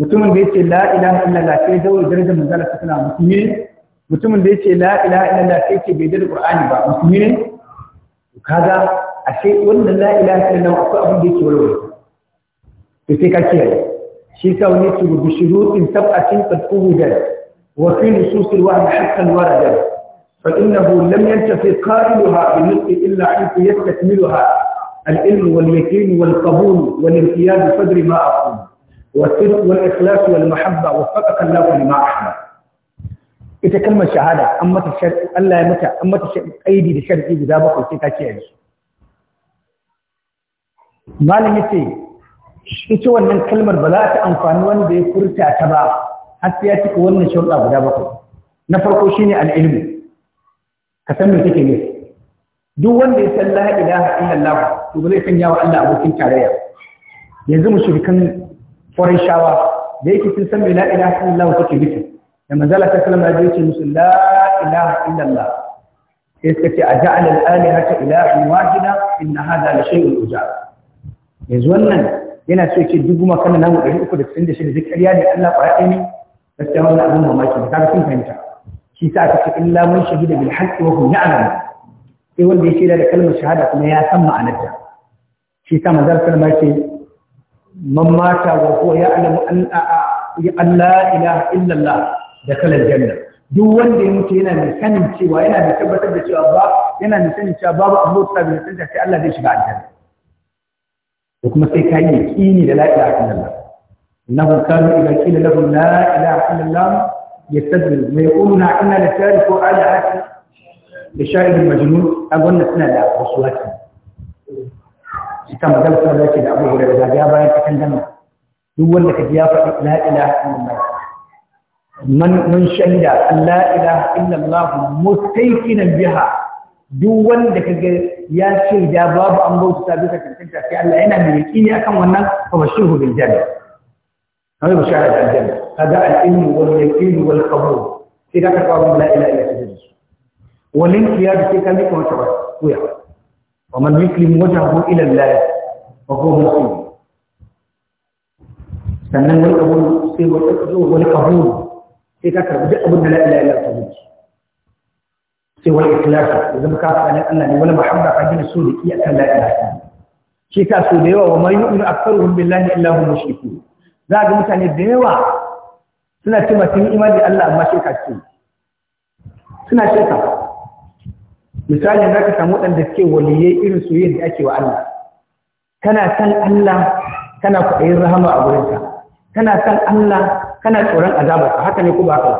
Speaker 1: mutumin da yake la ilaha illallah sai dawo darajar manzala ta alaihi musulmi ne mutumin da yace la ilaha illallah sai ce bai da qur'ani ba musulmi ne kaga ashe wannan la ilaha illallah akwai abin da yake warware to sai ka kiyaye shi ka wani ce bi shurutin sab'atin qad da wa fi nusus al-wahd haqqan waradat fa innahu lam yantafi qailuha bi nutq illa an yastakmilaha al ilm wal wal wal yaqin qabul yastakmiluha sadri ma aqul wa بقدر wal ikhlas wal mahabba wa وفقك الله lima ahmad ita kalmar shahada an mata shar'i Allah ya mata an mata kaidi da shar'i guda bakwai sai ka kiyaye su malam yace ita wannan kalmar ba za ta amfani wanda ya furta ta ba har sai ya cika wannan sharuɗa guda bakwai na farko shine al-ilmu ka san me kake ne duk wanda ya san la ilaha illallah to ba zai sanya wa Allah abokin tarayya yanzu mushrikan shawa da yake sun san me la ilaha illallah take nufi لما ذلك كلمة جيش المسلم لا إله إلا الله يتكي أجعل الآلهة إله واحدة إن هذا لشيء اجاب. يزولنا هنا سويك الدقمة كما نهو إليه أكد سند شيء ذكر لي يعني أن الله قائمي بس يا الله أبوه ما يشهد هذا كنت أنت في ساعة إلا من شهد بالحق وهو يعلم يقول لي شيء لك كلمة شهادة ما يسمى عن الجهة في ساعة مزال كلمة شيء من مات وهو يعلم أن لا إله إلا الله da kalar janna duk wanda ya mutu yana mai sanin cewa yana mai tabbatar da cewa ba yana mai sanin cewa babu abu da bai san sai Allah zai shiga aljanna da kuma sai ka yi yaqini da la ilaha illallah innahu kanu idza qila lahum la ilaha illallah yastadbir wa yaquluna inna la tariku alahati da sha'ir majnun a wannan suna da wasu waki ita magana suna da abu da ya bayar cikin janna duk wanda ka ji ya faɗi la ilaha illallah man shaida la ilaha illallah mustaykinan biha duk wanda kage ya ce da babu an bauta bisa cancanta sai Allah yana da yaqini akan wannan fa bashiru bil janna hada bashara da aljanna hada al-ilm wal yaqin wal qabul sai ka kawo la ilaha illallah walin qiyad sai ka mika wata kuya wa man yuslim wajhahu ila Allah fa huwa muslim sannan wal qabul sai wal qabul sai ka karbi duk abin da la ilaha illa Allah sai wal ikhlas ya zama ka fara Allah ne wala muhabba ka gina so da ki akan la ilaha illa shi ka so da yawa wa man yu'minu aktharuhum billahi illa hum mushrikun za ga mutane da yawa suna cewa sun imani Allah amma shirka ce suna shirka misali za ka samu waɗanda ke waliyai irin soyayya da ake wa Allah kana san Allah kana kuɗin rahama a gurinka kana san Allah kana tsoron azabarsa haka ne ku ba haka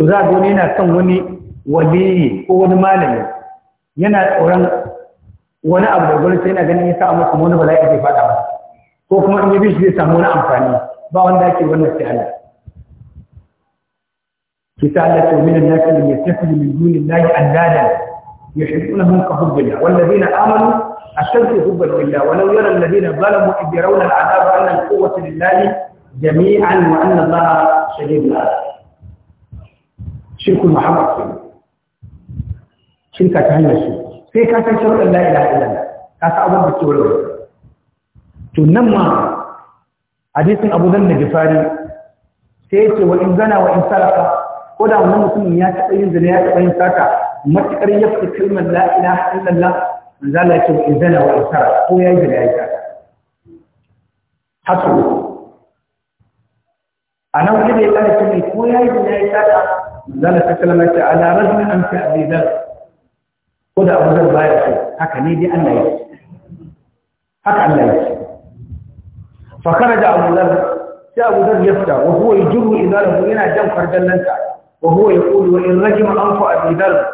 Speaker 1: to za ga wani yana son wani waliyi ko wani malami yana tsoron wani abu da gurin yana ganin ya sa masa wani bala'i zai faɗa ba. ko kuma in ya shi zai samu wani amfani ba wanda ake wannan sai Allah kita Allah to min an-nas lam yattakhidhu min dunillahi andadan yuhibbunahum ka hubbillah wallazina amanu ashaddu hubban lillah walau yara alladhina zalamu id yarawna al'adaba anna al-quwwata lillahi جميعا وان الله شديد العذاب شرك محمد شركة هنسو sai ka san sharuɗin la ilaha illallah الله san abin da ke wani ابو ma hadisin Abu Gifari sai wa in zana wa in saraka ko da wannan mutumin ya taɓa yin zina ya taɓa yin sata matukar ya fita kalmar la ilaha illallah manzo Allah yace in zana wa in ko ya yi zina ya أنا وكذا يقال كني كويا إذا يتابع زال تكلم على رجل أن تأذي ذر خذ أبو ذر باير شيء حكا نيدي أن لا يفتح حكا أن لا يفتح فخرج أبو ذر جاء أبو ذر يفتح وهو يجر إذاره إلى جوهر جلنسى وهو يقول وإن رجم أنف أبي ذر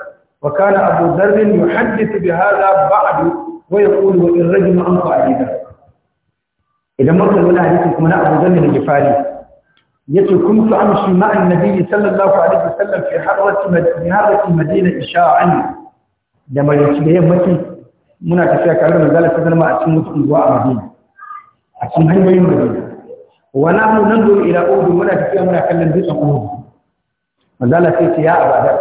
Speaker 1: وكان أبو ذر يحدث بهذا بعد ويقول وإن رجم أنف أبي ذر إذا مرتبوا لها يتكمنا أبو ذر من الجفاري يقول كنت أمشي مع النبي صلى الله عليه وسلم في حرة المدينة إشاعا لما يتبهي متي منا تفيا كلام ذلك فضل ما أتم متنزواء مدينة أتم هنوين مدينة ونحن ننظر إلى أود منا تفيا منا كلم بيت أود وذلك سيتي يا أبا ذر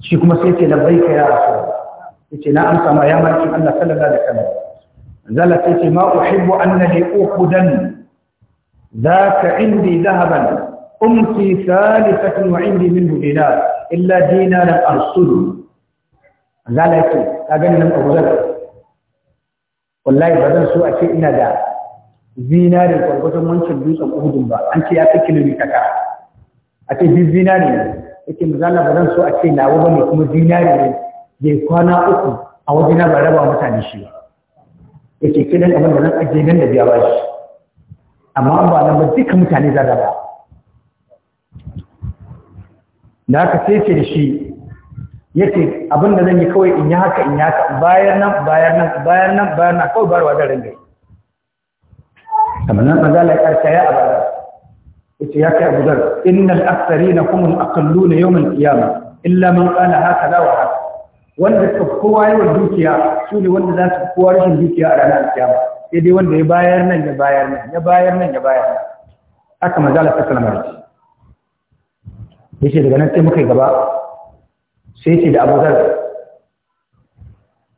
Speaker 1: شكما سيتي لبيك يا رسول الله يتي لا أمسى ما يا مالك أن صلى الله عليه وسلم ذلك سيتي ما أحب أن لي أخذا ذاك عندي ذهبا أمتي ثالثة وعندي منه دينار إلا دينارا أرسله ذلك أجل من أبو ذر wallahi ba zan so a ce ina da zinari gwargwadon wancan dutsen uhudun ba an ce ya fi kilomita ka a ce bi zinari ne yake misali ba zan so a ce nawa ba ne kuma zinari ne ya kwana uku a wajena ba raba mutane shi ba da nan da biya ba shi amma ba nan ba duka mutane za ba da haka sai ce da shi yace abin da zan yi kawai in yi haka in yi haka bayan nan bayan nan bayan nan bayan nan kawai barwa da ringa kamar nan maza ya karka ya abada yace ya kai abu zar innal aktharina hum al aqalluna yawm yawon kiyama. illa man qala haka da wa haka wanda suka kowa yawan dukiya su ne wanda za su kowa rashin dukiya a ranar kiyama sai dai wanda ya bayar nan ya bayar nan ya bayar nan ya bayar nan aka mazala ta kalmar ce yace daga nan sai muka yi gaba sai ce da abuzar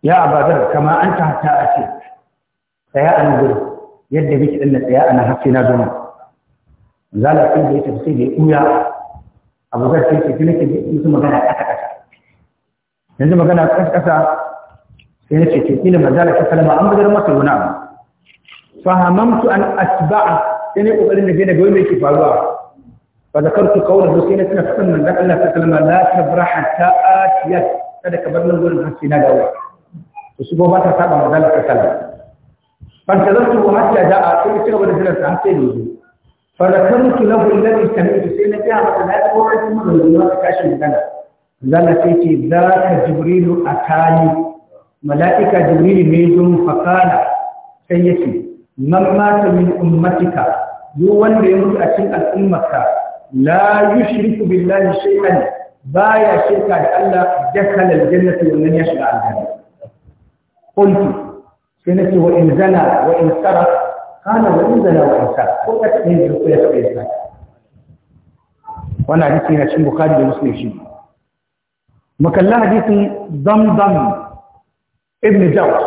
Speaker 1: ya abuzar kama an ta hatta a ce tsaya a nan gudu yadda ɗin na tsaya a nan hafi na zuma Zala sai da ya tafi sai da ya ɓuya abuzar sai ce kina ke yi magana ƙasa kasa yanzu magana ƙasa kasa sai ya ce to kila manzala ta kalma an bugar masa wani abu fahamamtu an asba'a sai ne kokarin da daga wani ke faruwa fa zakartu qawla husayn tana fadin nan da Allah ta kalma la tabra hatta atiyat kada ka bar nan gurin har sai na dawo to su ba ta saba magana ta kalma fa tazartu hatta da'a sai ci gaba da jiran sa har sai ne fa zakartu lahu alladhi sami'tu sai na ga mata na dawo kai kuma da wannan kashin magana zalla sai ce ka jibrilu atani mala'ika jibrilu ne don fakala sai yace man mata min ummatika duk wanda ya mutu a cikin al'ummarka la yushriku billahi shay'an baya shirka da Allah dakhala aljannata wannan ya shiga aljanna qultu sai nace wa in zana wa in sara kana wa in zana wa in sara ko ka tsaye da ko ya tsaye da wannan hadisi na cikin bukhari da muslim shi makalla hadisin zamzam ibn jaws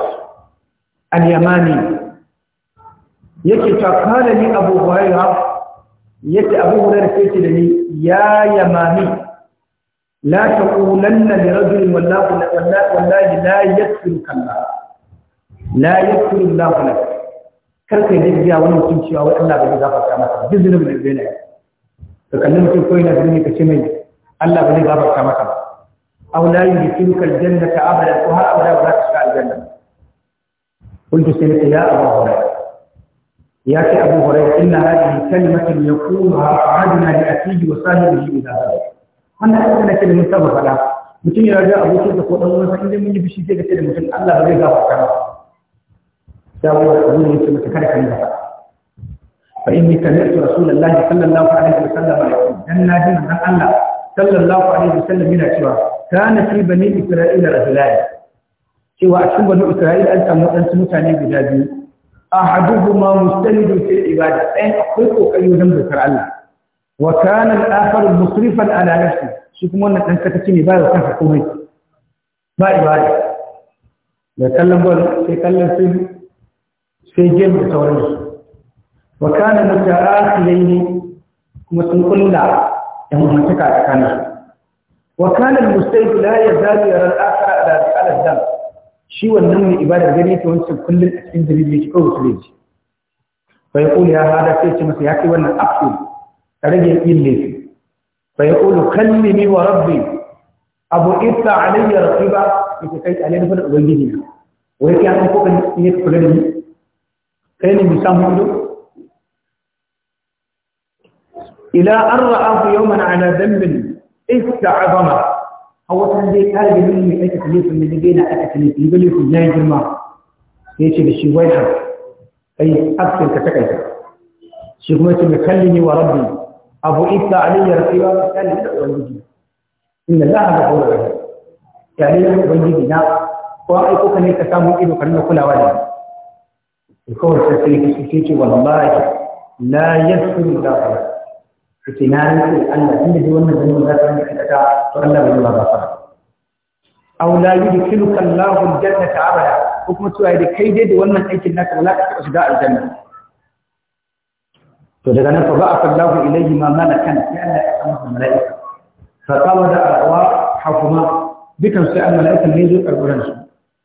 Speaker 1: al-yamani yake ta ni abu huraira yace abu huraira yake da ni ya yamami la taqulanna li rajulin wallahi wallahi la Allah la yakfiru Allah lak kar kai da biya wani mutum cewa wai Allah bai gafarta maka bizinin da zai nayi ka kallon mutum ko yana zuni ka mai Allah bai gafarta maka ba aw la yudkhiluka al-jannata abada ko har abada ba za ka shiga aljanna sai ya abu huraira ya ce abu hurairah inna hadhihi kalimatun yaquluha ahaduna li akhihi wa sahibihi idha wannan ita ne kalmar ta mutum ya ga abokin sa ko dan uwansa inda mun yi bishi sai da mutum Allah zai zai gafarta ba Ya abu hurairah ya ce kada ka yi haka fa inni sami'tu rasulullahi sallallahu alaihi wasallam yaqul dan naji manzon Allah sallallahu alaihi wasallam yana cewa kana fi bani isra'ila rajulan cewa a cikin bani isra'ila an samu dan mutane guda biyu A ahaduhuma mustanidu fil ibada ɗayan akwai kokari wajen dokar Allah wa kana al-akhar musrifan ala nafsi shi kuma wannan dan sakaci ne ba ya kansa komai ba ibada da kallon bol sai kallon fim sai game da sauransu wa kana muta'akhilaini kuma sun kulla yan mutaka tsakanin su wa kana al-mustaidu la zaɓi yara al shi wannan mai ibadar gani ta wancan kullum a cikin zunubi yake kawai su laifi fa ya ƙulu ya hada sai ce masa ya kai wannan afsu ka rage yin laifi fa ya ƙulu kallimi wa rabbi abu isa alayya raqiba yake kai alayya nufin ubangiji na wai kai an kokan ne ka kula da ni kai ne mu samu ido ila an ra'ahu yawman ala dambin ista'azama a wata da ɗalibin mai aikata laifin da daga yana aikata laifin ga laifin ya yi girma Ya ce da shi wai har kai absin ka takaita shi kuma ce mai kalli ne wa rabbi abu isa aliyya rafiwa ka kalli da ubangiji inda za a ga kawai rahim yare da ubangiji na ko an aiko ka ne ka samu ido ka nuna kulawa da ni kawai sai sai ce wallahi la yasuru da kawai su ce na rinsu Allah inda ji wannan zanen za ta rinsu daga to Allah bai ma gafara aw la yudkhiluka Allahu al-jannata abada ko kuma cewa da kai dai da wannan aikin naka ba za ka taɓa shiga aljanna to daga nan fa ba'atha Allahu ilayhi ma malakan sai Allah ya kama mala'ika fa qawada arwa hafuma dukan sai mala'ikan ne zo karburan su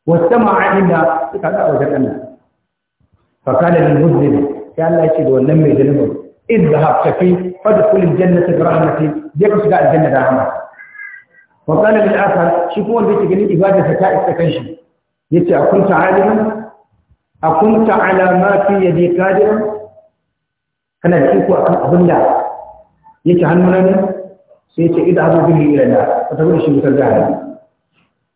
Speaker 1: wasama'a inda suka da wajen Allah fa kana lil muslim sai Allah ya ce da wannan mai zalimi اذهب تفي فادخل الجنة برحمتي ديك شجاع الجنة برحمتي وقال للآخر شوفوا اللي تجني إبادة فتاة استكنشن يتي أكنت عالما أكنت على ما في يدي قادرا أنا بحيكوا أكن أظن لا يتي هنمنا سيتي اذهبوا به إلى الله فتقول شيء متزاهل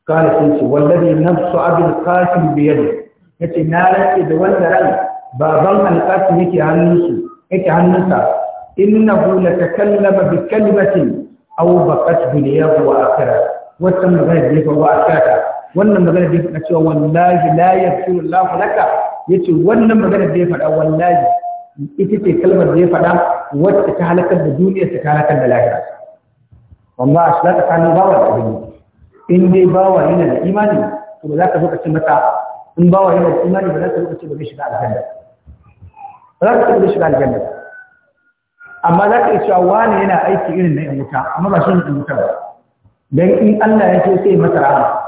Speaker 1: قال سيتي والذي نفس أبي القاسم بيده يتي نالت إذ وانت رأي بابا القاسم يتي عن نسو yake hannunsa innahu latakallama bi kalimatin aw baqat bil yadu wa akhirah wannan magana da yake wa akhirah wannan magana da yake cewa wallahi la yaghfiru Allah laka yace wannan magana da ya faɗa wallahi ita ce kalmar da ya faɗa wacce ta halakar da duniya ta halakar da lahira amma a shiga tsakanin bawa da abin in dai bawa yana da imani to ba za ka zo ka ce mata in bawa yana da imani ba za ka zo ka ce ba zai shiga aljanna ba za ka iya shiga aljanna ba amma za ka iya cewa wani yana aiki irin na yan wuta amma ba shi ne yan wuta ba dan in Allah ya ce sai masa rahama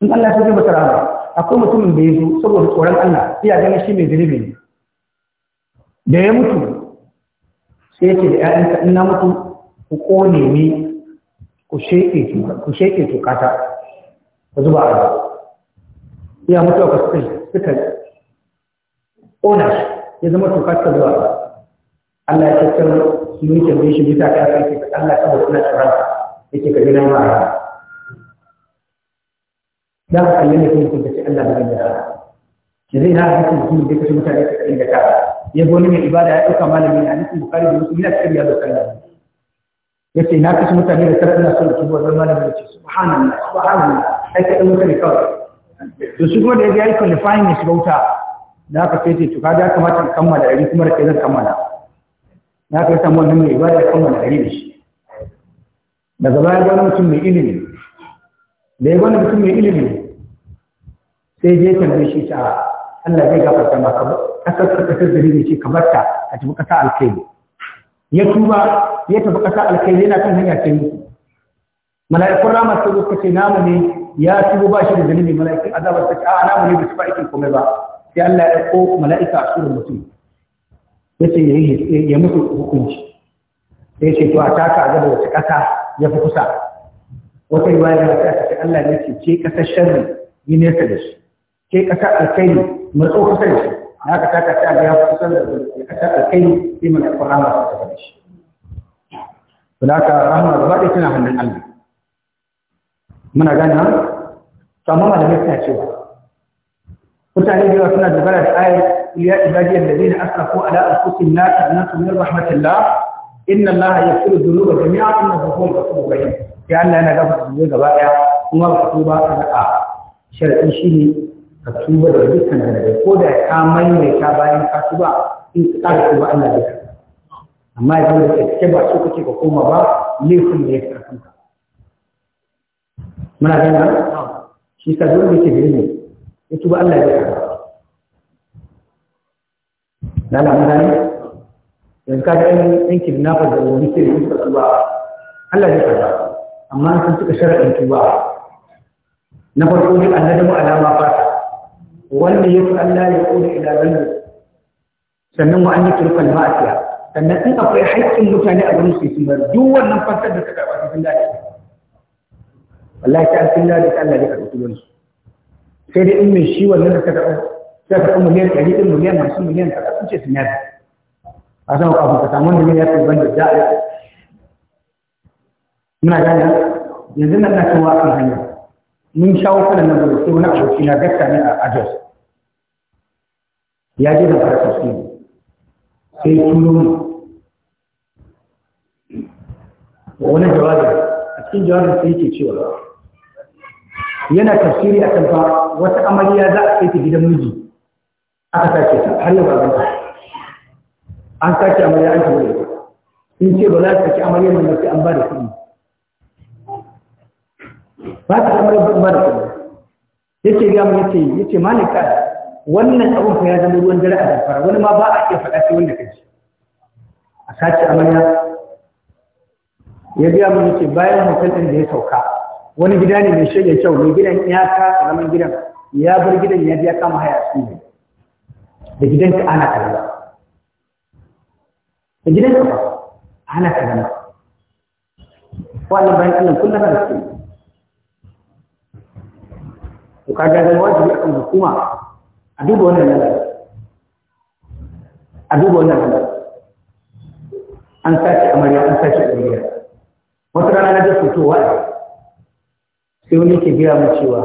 Speaker 1: in Allah ya ce masa rahama akwai mutumin da ya zo saboda tsoron Allah iya ganin shi mai zunubi ne da ya mutu sai ce da in na mutu ku kone ni ku sheƙe tukata ku zuba a iya mutuwa ka suka suka ƙona ya zama toka ta zuwa Allah ya tattar su yi kyanne shi bisa ka yake ka Allah ta wasu na tsoron yake ka gina ma a za ka kalli ne kuma kuma ce Allah ba gina Ya zai na hakan mutum da kashe mutane ka kalli da ka ya zo mai ibada ya ɗauka malami ne a nufin bukari da musulmi na cikin ya zo sallah ya ce na kashe mutane da sallah na son da kibuwar zama da mace subhanallah subhanallah ai ka ɗan mutane kawai to su kuma da ya ga ya yi kwalifayin ya shiga wuta da aka sai ce tuka da kamata in kammala ɗari kuma da kai zan kammala na ka yi samu wani mai ba ya kammala ɗari da shi daga baya wani mutum mai ilimi da ya wani mutum mai ilimi sai je tambaye shi ta Allah zai gafarta maka kasar kasar da ne ce kamar ta a tafi kasa alkaili ya tuba ya tafi kasa alkaili yana kan hanya sai mutu mala'ikun rama sai suka ce namu ne ya tuba ba shi da zalimi mala'ikun azabar ta ce a namu ne ba su fa'ikin aikin komai ba sai Allah ya ɗauko mala'ika a surar mutum ya ce ya mutu hukunci sai ce to a taka a gaba wata ƙasa ya fi kusa wata yi wayar da ta ce Allah ya ce ce ƙasar sharri yi nesa da shi ke ƙasar alkaini matso kusa da shi na ka taka ta ga ya fi kusa da ƙasar alkaini sai mala'ikun rama ta ta da shi. Sulaka rama gaba ɗaya tana hannun Allah. Muna gana, to amma malamai suna cewa mutane da yawa suna dogara da ayar ya ibadi aka ko ala anfusihim la taqnatu min rahmatullah inna allaha yaghfiru dhunuba jami'an innahu kuma ghafurur rahim ya Allah yana gafarta zunubai gaba daya kuma ba su ba A da shi ne ka tuba da dukkan zunubai ko da ka maimaita bayan ka tuba in ka tsara tuba Allah da ka. amma idan da kake ba su kake ka koma ba laifin da ya karɓa muna ganin shi sa dole ke gari ne ya tuba Allah ya karba na na mun gani yanzu ka ga na kidnapper da wani ke yin suka tuba Allah ya karba amma sun cika sharaɗin tuba na farko da mu alama fata wanda ya fi Allah ya ƙone ila zango sannan wa an yi turkan ma'asiya sannan in akwai haƙƙin mutane a gurin su sun bari duk wannan fatar da ta karɓa sun dace wallahi ta an dadi dace Allah ya karɓi tubansu sai dai in mai shi wannan da ka taɓa sai ka taɓa miliyan ɗari ɗin miliyan hamsin miliyan kaza sun ce sun yaji a sama kafin ka samu wanda ya taɓa banda da a muna gane yanzu nan na cewa a hanya mun shawo kanan nan gudu sai wani aboki na gaska ne a ajiyar ya je da fara sosai sai turo mu wani jawabi a cikin jawabin sai yake cewa yana tafsiri a kan wata amarya za a kai ta gidan miji aka sace ta har yau ba ta an sace amarya an tabbata ita in ce ba za ta sace amarya nan sai an ba da kuɗi ba ta amarya ba ba da kuɗi yake ga mu yace yace malika wannan abun fa ya zama ruwan dare a dafara wani ma ba a iya faɗa sai wanda kace a sace amarya ya biya mu yace bayan hotel din da ya sauka wani gida ne mai shirya kyau mai gidan ya kasa zaman gidan ya bar gidan ya biya kama haya su ne da gidanka ana kalma da gidanka ba ana kalma wannan bayan Allah kullum da su to kaga da wajibi kan hukuma a duba wannan lamarin a duba wannan nan. an sace amarya an sace amarya wata rana na to fitowa sai wani ke gira mu cewa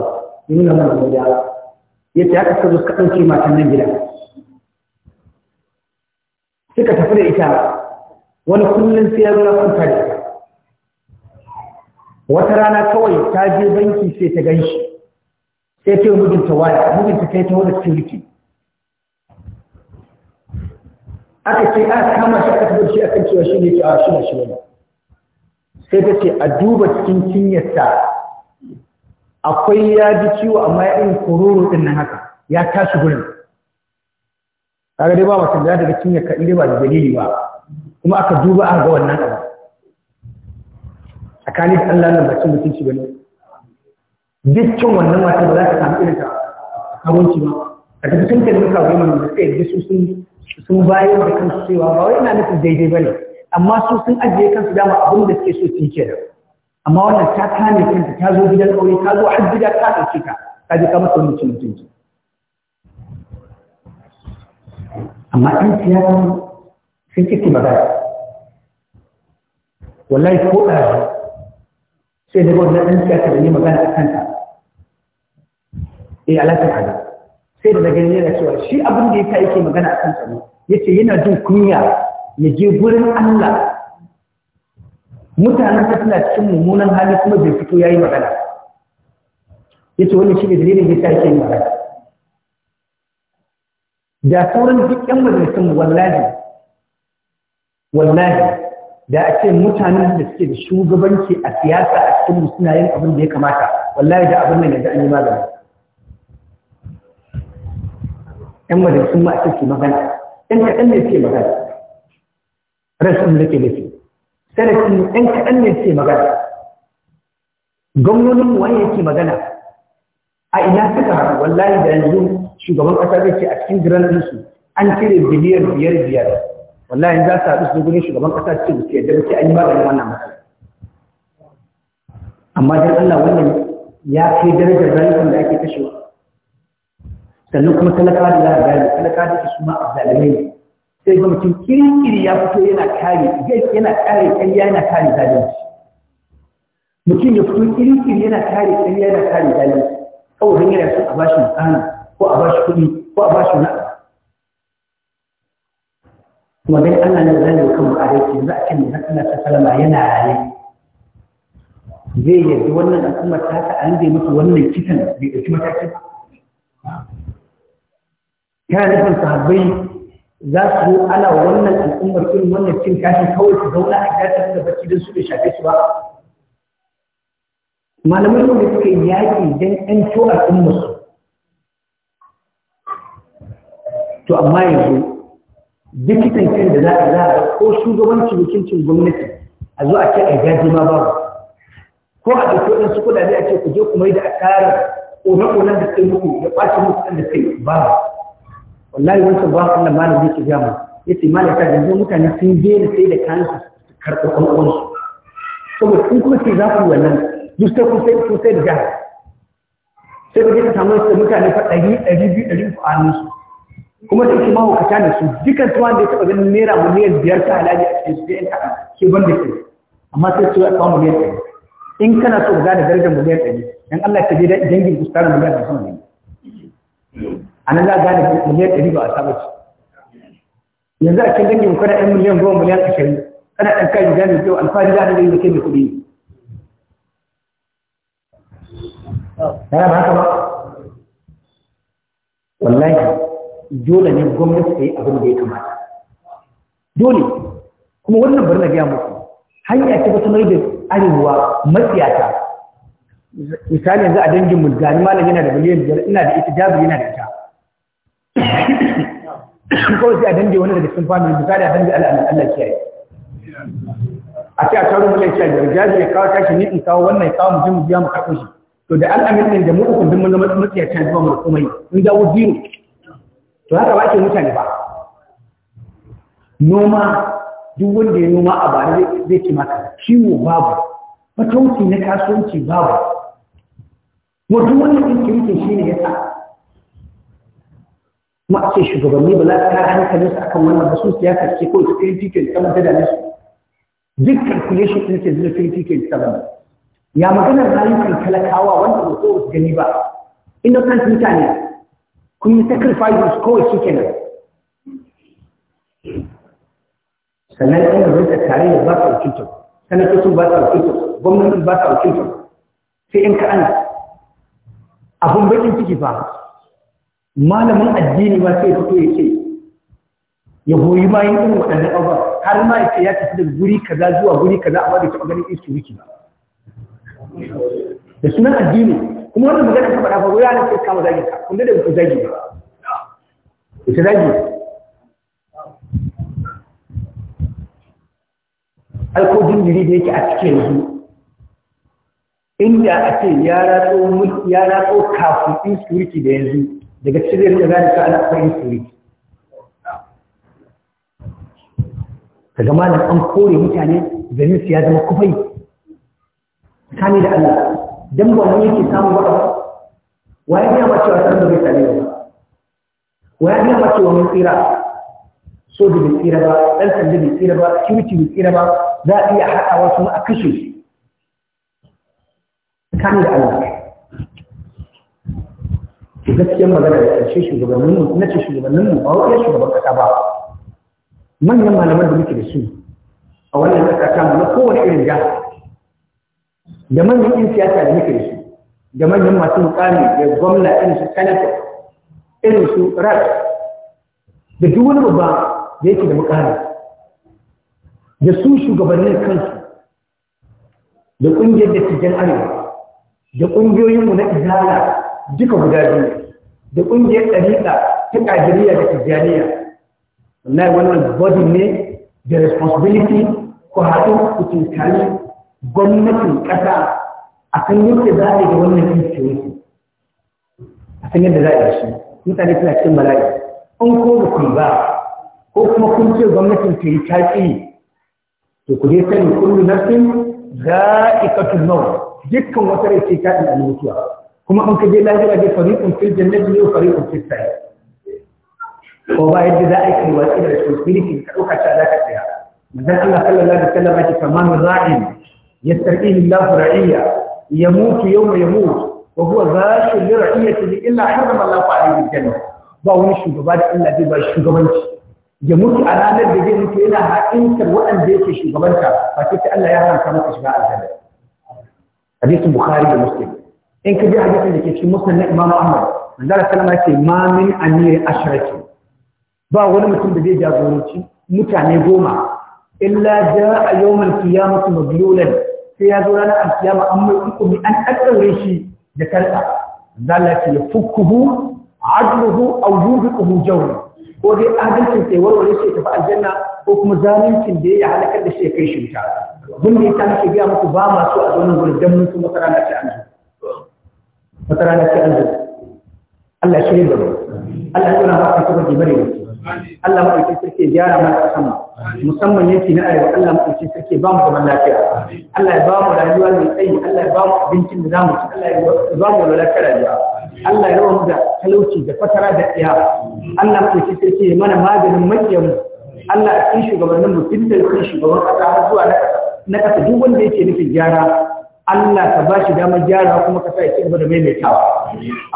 Speaker 1: nuna mana gida ya ce aka sazo suka ɗauke matan nan gida suka tafi da ita wani kullum sai ya zo na kwanta da ita wata rana kawai ta je banki sai ta gan shi sai ta yi mijinta waya mijinta ta yi ta cikin rikin. aka ce a kama shi aka tafi shi akan cewa shi ne ke a ah, shi na shi wani sai ta ce a duba cikin cinyarta akwai ya ji ciwo amma ya irin kororo din nan haka ya tashi gurin kaga dai ba mutum da daga cinya ka dai ba da dalili ba kuma aka duba aka ga wannan abu tsakani da Allah nan ba cin shi bane cin wannan mata ba za ta samu irin ta ba a duk sun kalli ka goma da suka yi su sun sun bayar da kansu cewa ba wai ina nufin daidai bane amma su sun ajiye kansu dama abin da suke so su yi kenan amma wannan ta kame kanta ta zo gidan aure ta zo har gida ta ɗauke ka ka je ka masa wani cin mutunci amma ɗan siyasa sun kike magana wallahi ko ɗaya sai daga wannan ɗan siyasa da ne magana a kanta eh alaƙar hada sai da daga yana cewa shi abin da ya ta yake magana a kansa ne ya ce yana jin kunya ya je gurin Allah mutanen da suna cikin mummunan hali kuma bai fito ya yi magana yace wani shine dalilin da yasa yake magana da sauran duk yan majalisun wallahi wallahi da a ce mutanen da suke da shugabanci a siyasa a cikin suna yin abin da ya kamata wallahi da abin nan yanzu an yi magana yan majalisun ma a ce magana yan kaɗan ne suke magana rasu mulke ne darasi ɗan kaɗan ne suke magana gwamnonin wani yake magana a ina suka haɗu wallahi da yanzu shugaban ƙasa zai ce a cikin giran ɗinsu an cire biliyan biyar biyar wallahi za su haɗu su gudun shugaban ƙasa ce su yadda muke an yi maganin wannan matsala amma dan Allah wannan ya kai darajar rayuwar da ake kashewa sannan kuma talakawa da za a gane talakawa da su ma a zalimai ne sai ga mutum kirkiri ya fito yana kare yana kare ƙarya yana kare zalunci mutum ya fito kirkiri yana kare ƙarya yana kare zalunci kawai don yana so a bashi mutane ko a bashi kuɗi ko a bashi na'a kuma dai Allah ne zai yi kan adalci za a kan yanzu kana ta salama yana raye zai yarda wannan al'ummar ta ta an zai musu wannan kitan bai ɗauki matakin ta nufin sahabbai za su zo ana wannan al'ummar irin wannan cin kashi kawai su zauna a gata da bacci don su da shafe su ba malamai ne da suka yi yaƙi don ƴanto al'ummar su to amma yanzu dikitan kan da za a za a ko shugabanci cin gwamnati a zo a ce a gaji ma babu ko a ɗauki su kuɗaɗe a ce ku je kuma mai da asarar ƙone-ƙonen da kai muku da ƙwace muku da kai babu wallahi wancan ba Allah malam yake ya ce ma da ta yanzu mutane sun je da sai da kansu su karɓar ƙwanƙwan saboda sun kuma ce za ku wannan duk sai sai sai da jihar sai ku jika samun su mutane fa ɗari ɗari biyu ɗari a hannun su kuma da shi mahaukata ne su dukkan su wanda ya taɓa ganin naira miliyan biyar ta halaji a cikin su da ke ban da ke amma sai su ya kawo miliyan ɗari in kana so ga da darajar miliyan ɗari dan Allah ka je dangin ku tsara miliyan ɗari sama ne anan za a gane miliyan ɗari ba a saba ci yanzu a cikin dangin kwana ɗan miliyan goma miliyan ashirin kana ɗan kayan gane da alfahari za a nan yi kai mai kuɗi ba haka ba wallahi dole ne gwamnati ta yi abin da ya kamata dole kuma wannan bari na gaya muku hanya ce ta mai da arewa matsiyata misali yanzu a dangin mulgani gani malam yana da miliyan biyar ina da ita jabi yana da ita kawai sai a dange wani daga cikin family misali a dange Allah Allah kiyaye a ce a taro mu laifi a jirgaji ya kawo tashi ni in kawo wannan ya kawo mutum mu biya mu karɓo shi to da an amin da mu ukun dun mun zama matsiya can zuwa mu komai in dawo biyu to haka ba ake mutane ba noma duk wanda ya noma a bara zai ci maka kiwo babu fatauci na kasuwanci babu wato wannan ɗin kirkin shi ne ya sa kuma a shugabanni ba za su kara hankalin su akan wannan ba su siyasa ce ko su kai tiket saman ta dame su duk calculation ɗin ce zai kai tiket saman ya maganar rayukan talakawa wanda ba so su gani ba innocent mutane kun yi sacrifices kawai shi nan. sannan ɗan da zai tare da ba sa wakiltar sanatocin ba sa wakiltar gwamnatin ba sa wakiltar sai in ka'ana abun bakin ciki ba malamin addini ba sai fito ya ce ya goyi bayan irin waɗannan abubuwa har ma ya ya tafi daga guri kaza zuwa guri kaza amma bai taɓa ganin isu wiki ba
Speaker 2: da sunan addini
Speaker 1: kuma wannan magana ta faɗa faru ya nan sai kama zagi ka kun da ku zagi ba ta zagi alkojin jiri da yake a cikin yanzu inda a ce ya ratso kafin insecurity da yanzu لقد سبيل كذلك على أخرين سوري فقمالا أم كوري مثالي زمين سيادة مكفي ثاني لألا جنب أمني كسام وقف وهذه ما تشوى سنة بيسالي وقف وهذه ما تشوى من إيراء سود من إيراء ألسل من إيراء كيوتي من إيراء لا إيا حقا وصمأ كشي ثاني لألا gaskiyar magana da ƙarshe shugabanninmu na ce shugabanninmu ba wani shugaban ƙasa ba manyan malaman da muke da su a wannan ƙasa ta na kowane irin ja da manyan yan siyasa da muke da su da manyan masu mukami da gwamna irin su senator irin su rat da duk wani babba da yake da mukami da su shugabannin kansu da ƙungiyar da cikin arewa da ƙungiyoyinmu na izala duka guda biyu da ƙungiyar ɗariƙa ta ƙajiriya da tijjaniya wallahi wannan body ne da responsibility ko haɗu ku tunkari gwamnatin ƙasa a kan yadda za a yi da wannan institution a kan yadda za a yi shi mutane suna cikin bala'i an ko ba ku ba ko kuma kun ce gwamnatin ta yi taƙi to ku je sani kullu nafsin za'iqatul maut dukkan wata rai ce ta ɗin mutuwa kuma an kaje lahira da fariqun fil jannati wa fariqun fis sa'ir ko ba yadda za a yi watsi da responsibility ka dauka ta zaka tsaya manzon Allah sallallahu alaihi wasallam yake kaman ra'in yastarqihi Allah ra'iya yamutu yawma yamut wa huwa zashu li ra'iyatihi illa harrama Allah alaihi aljanna ba wani shugaba da Allah zai ba shugabanci ya mutu a ranar da zai mutu yana haƙintar waɗanda yake shugabanta ba sai Allah ya haramta masa shiga aljanna hadisin bukhari da muslim in ka ji hadisin da ke cikin musulun na Imam Ahmad manzara sallama ya ce ma min amiri ashraki ba wani mutum da zai jagoranci mutane goma illa ja a yawmal qiyamati mablulan sai ya zo ranar alkiyama an mai hukumi an ɗaɗɗaure shi da karɓa zalla ce ya fukkuhu adluhu aw yubiquhu jawri ko dai adalcin sai warware shi tafi aljanna ko kuma zalincin da ya halakar da shi ya kai shi wuta ne ta nake ga muku ba ma so a zo nan gurin dan mun kuma karanta an wata rana ke an zuwa Allah shi da mu Allah ya nuna maka kuma da mu Allah mu ɗauki sarki ya gyara mana a sama. musamman yanki na arewa Allah mu ɗauki sarki ba mu zaman lafiya Allah ya ba mu rayuwa mai tsayi Allah ya ba mu abincin da za mu ci Allah ya ba mu lalata rayuwa Allah ya rawa da talauci da fatara da tsiya Allah mu ɗauki sarki ya mana maganin makiyan mu Allah a cikin shugabannin mu da cikin shugaban kasa har zuwa na kasa duk wanda yake nufin gyara Allah ka ba shi damar gyara kuma ka sa ya ci gaba da maimaitawa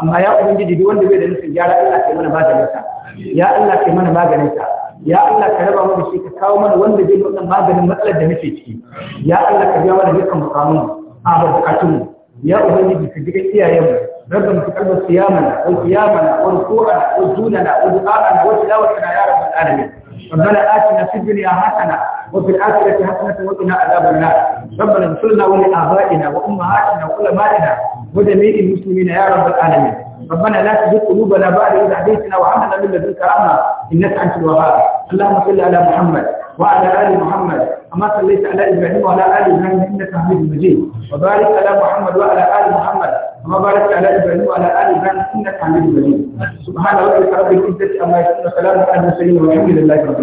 Speaker 1: amma ya ubangiji duk wanda bai da nufin gyara Allah kai mana maganin sa ya Allah kai mana maganin sa ya Allah ka raba mana shi ka kawo mana wanda zai wannan maganin matsalar da muke ciki ya Allah ka biya mana dukkan bukamun a bukatun ya ubangiji ka jiga iyayen mu ربنا ko su وقيامنا وركوعنا وسجودنا ودعاءنا وتلاوتنا يا رب العالمين ربنا آتنا fi الدنيا hasana, وفي الآخرة حسنة وقنا عذاب النار ربنا اغفر لنا ولآبائنا وأمهاتنا وعلمائنا وجميع المسلمين يا رب العالمين ربنا لا تزغ قلوبنا بعد إذ هديتنا وعملنا من لدنك رحمة إنك أنت الوهاب اللهم صل على محمد وعلى آل محمد أما صليت على إبراهيم وعلى آل إبراهيم إنك حميد مجيد وبارك على محمد وعلى آل محمد كما باركت على إبراهيم وعلى آل إبراهيم إنك حميد مجيد سبحان ربك رب العزة عما يصفون وسلام على المرسلين والحمد لله رب العالمين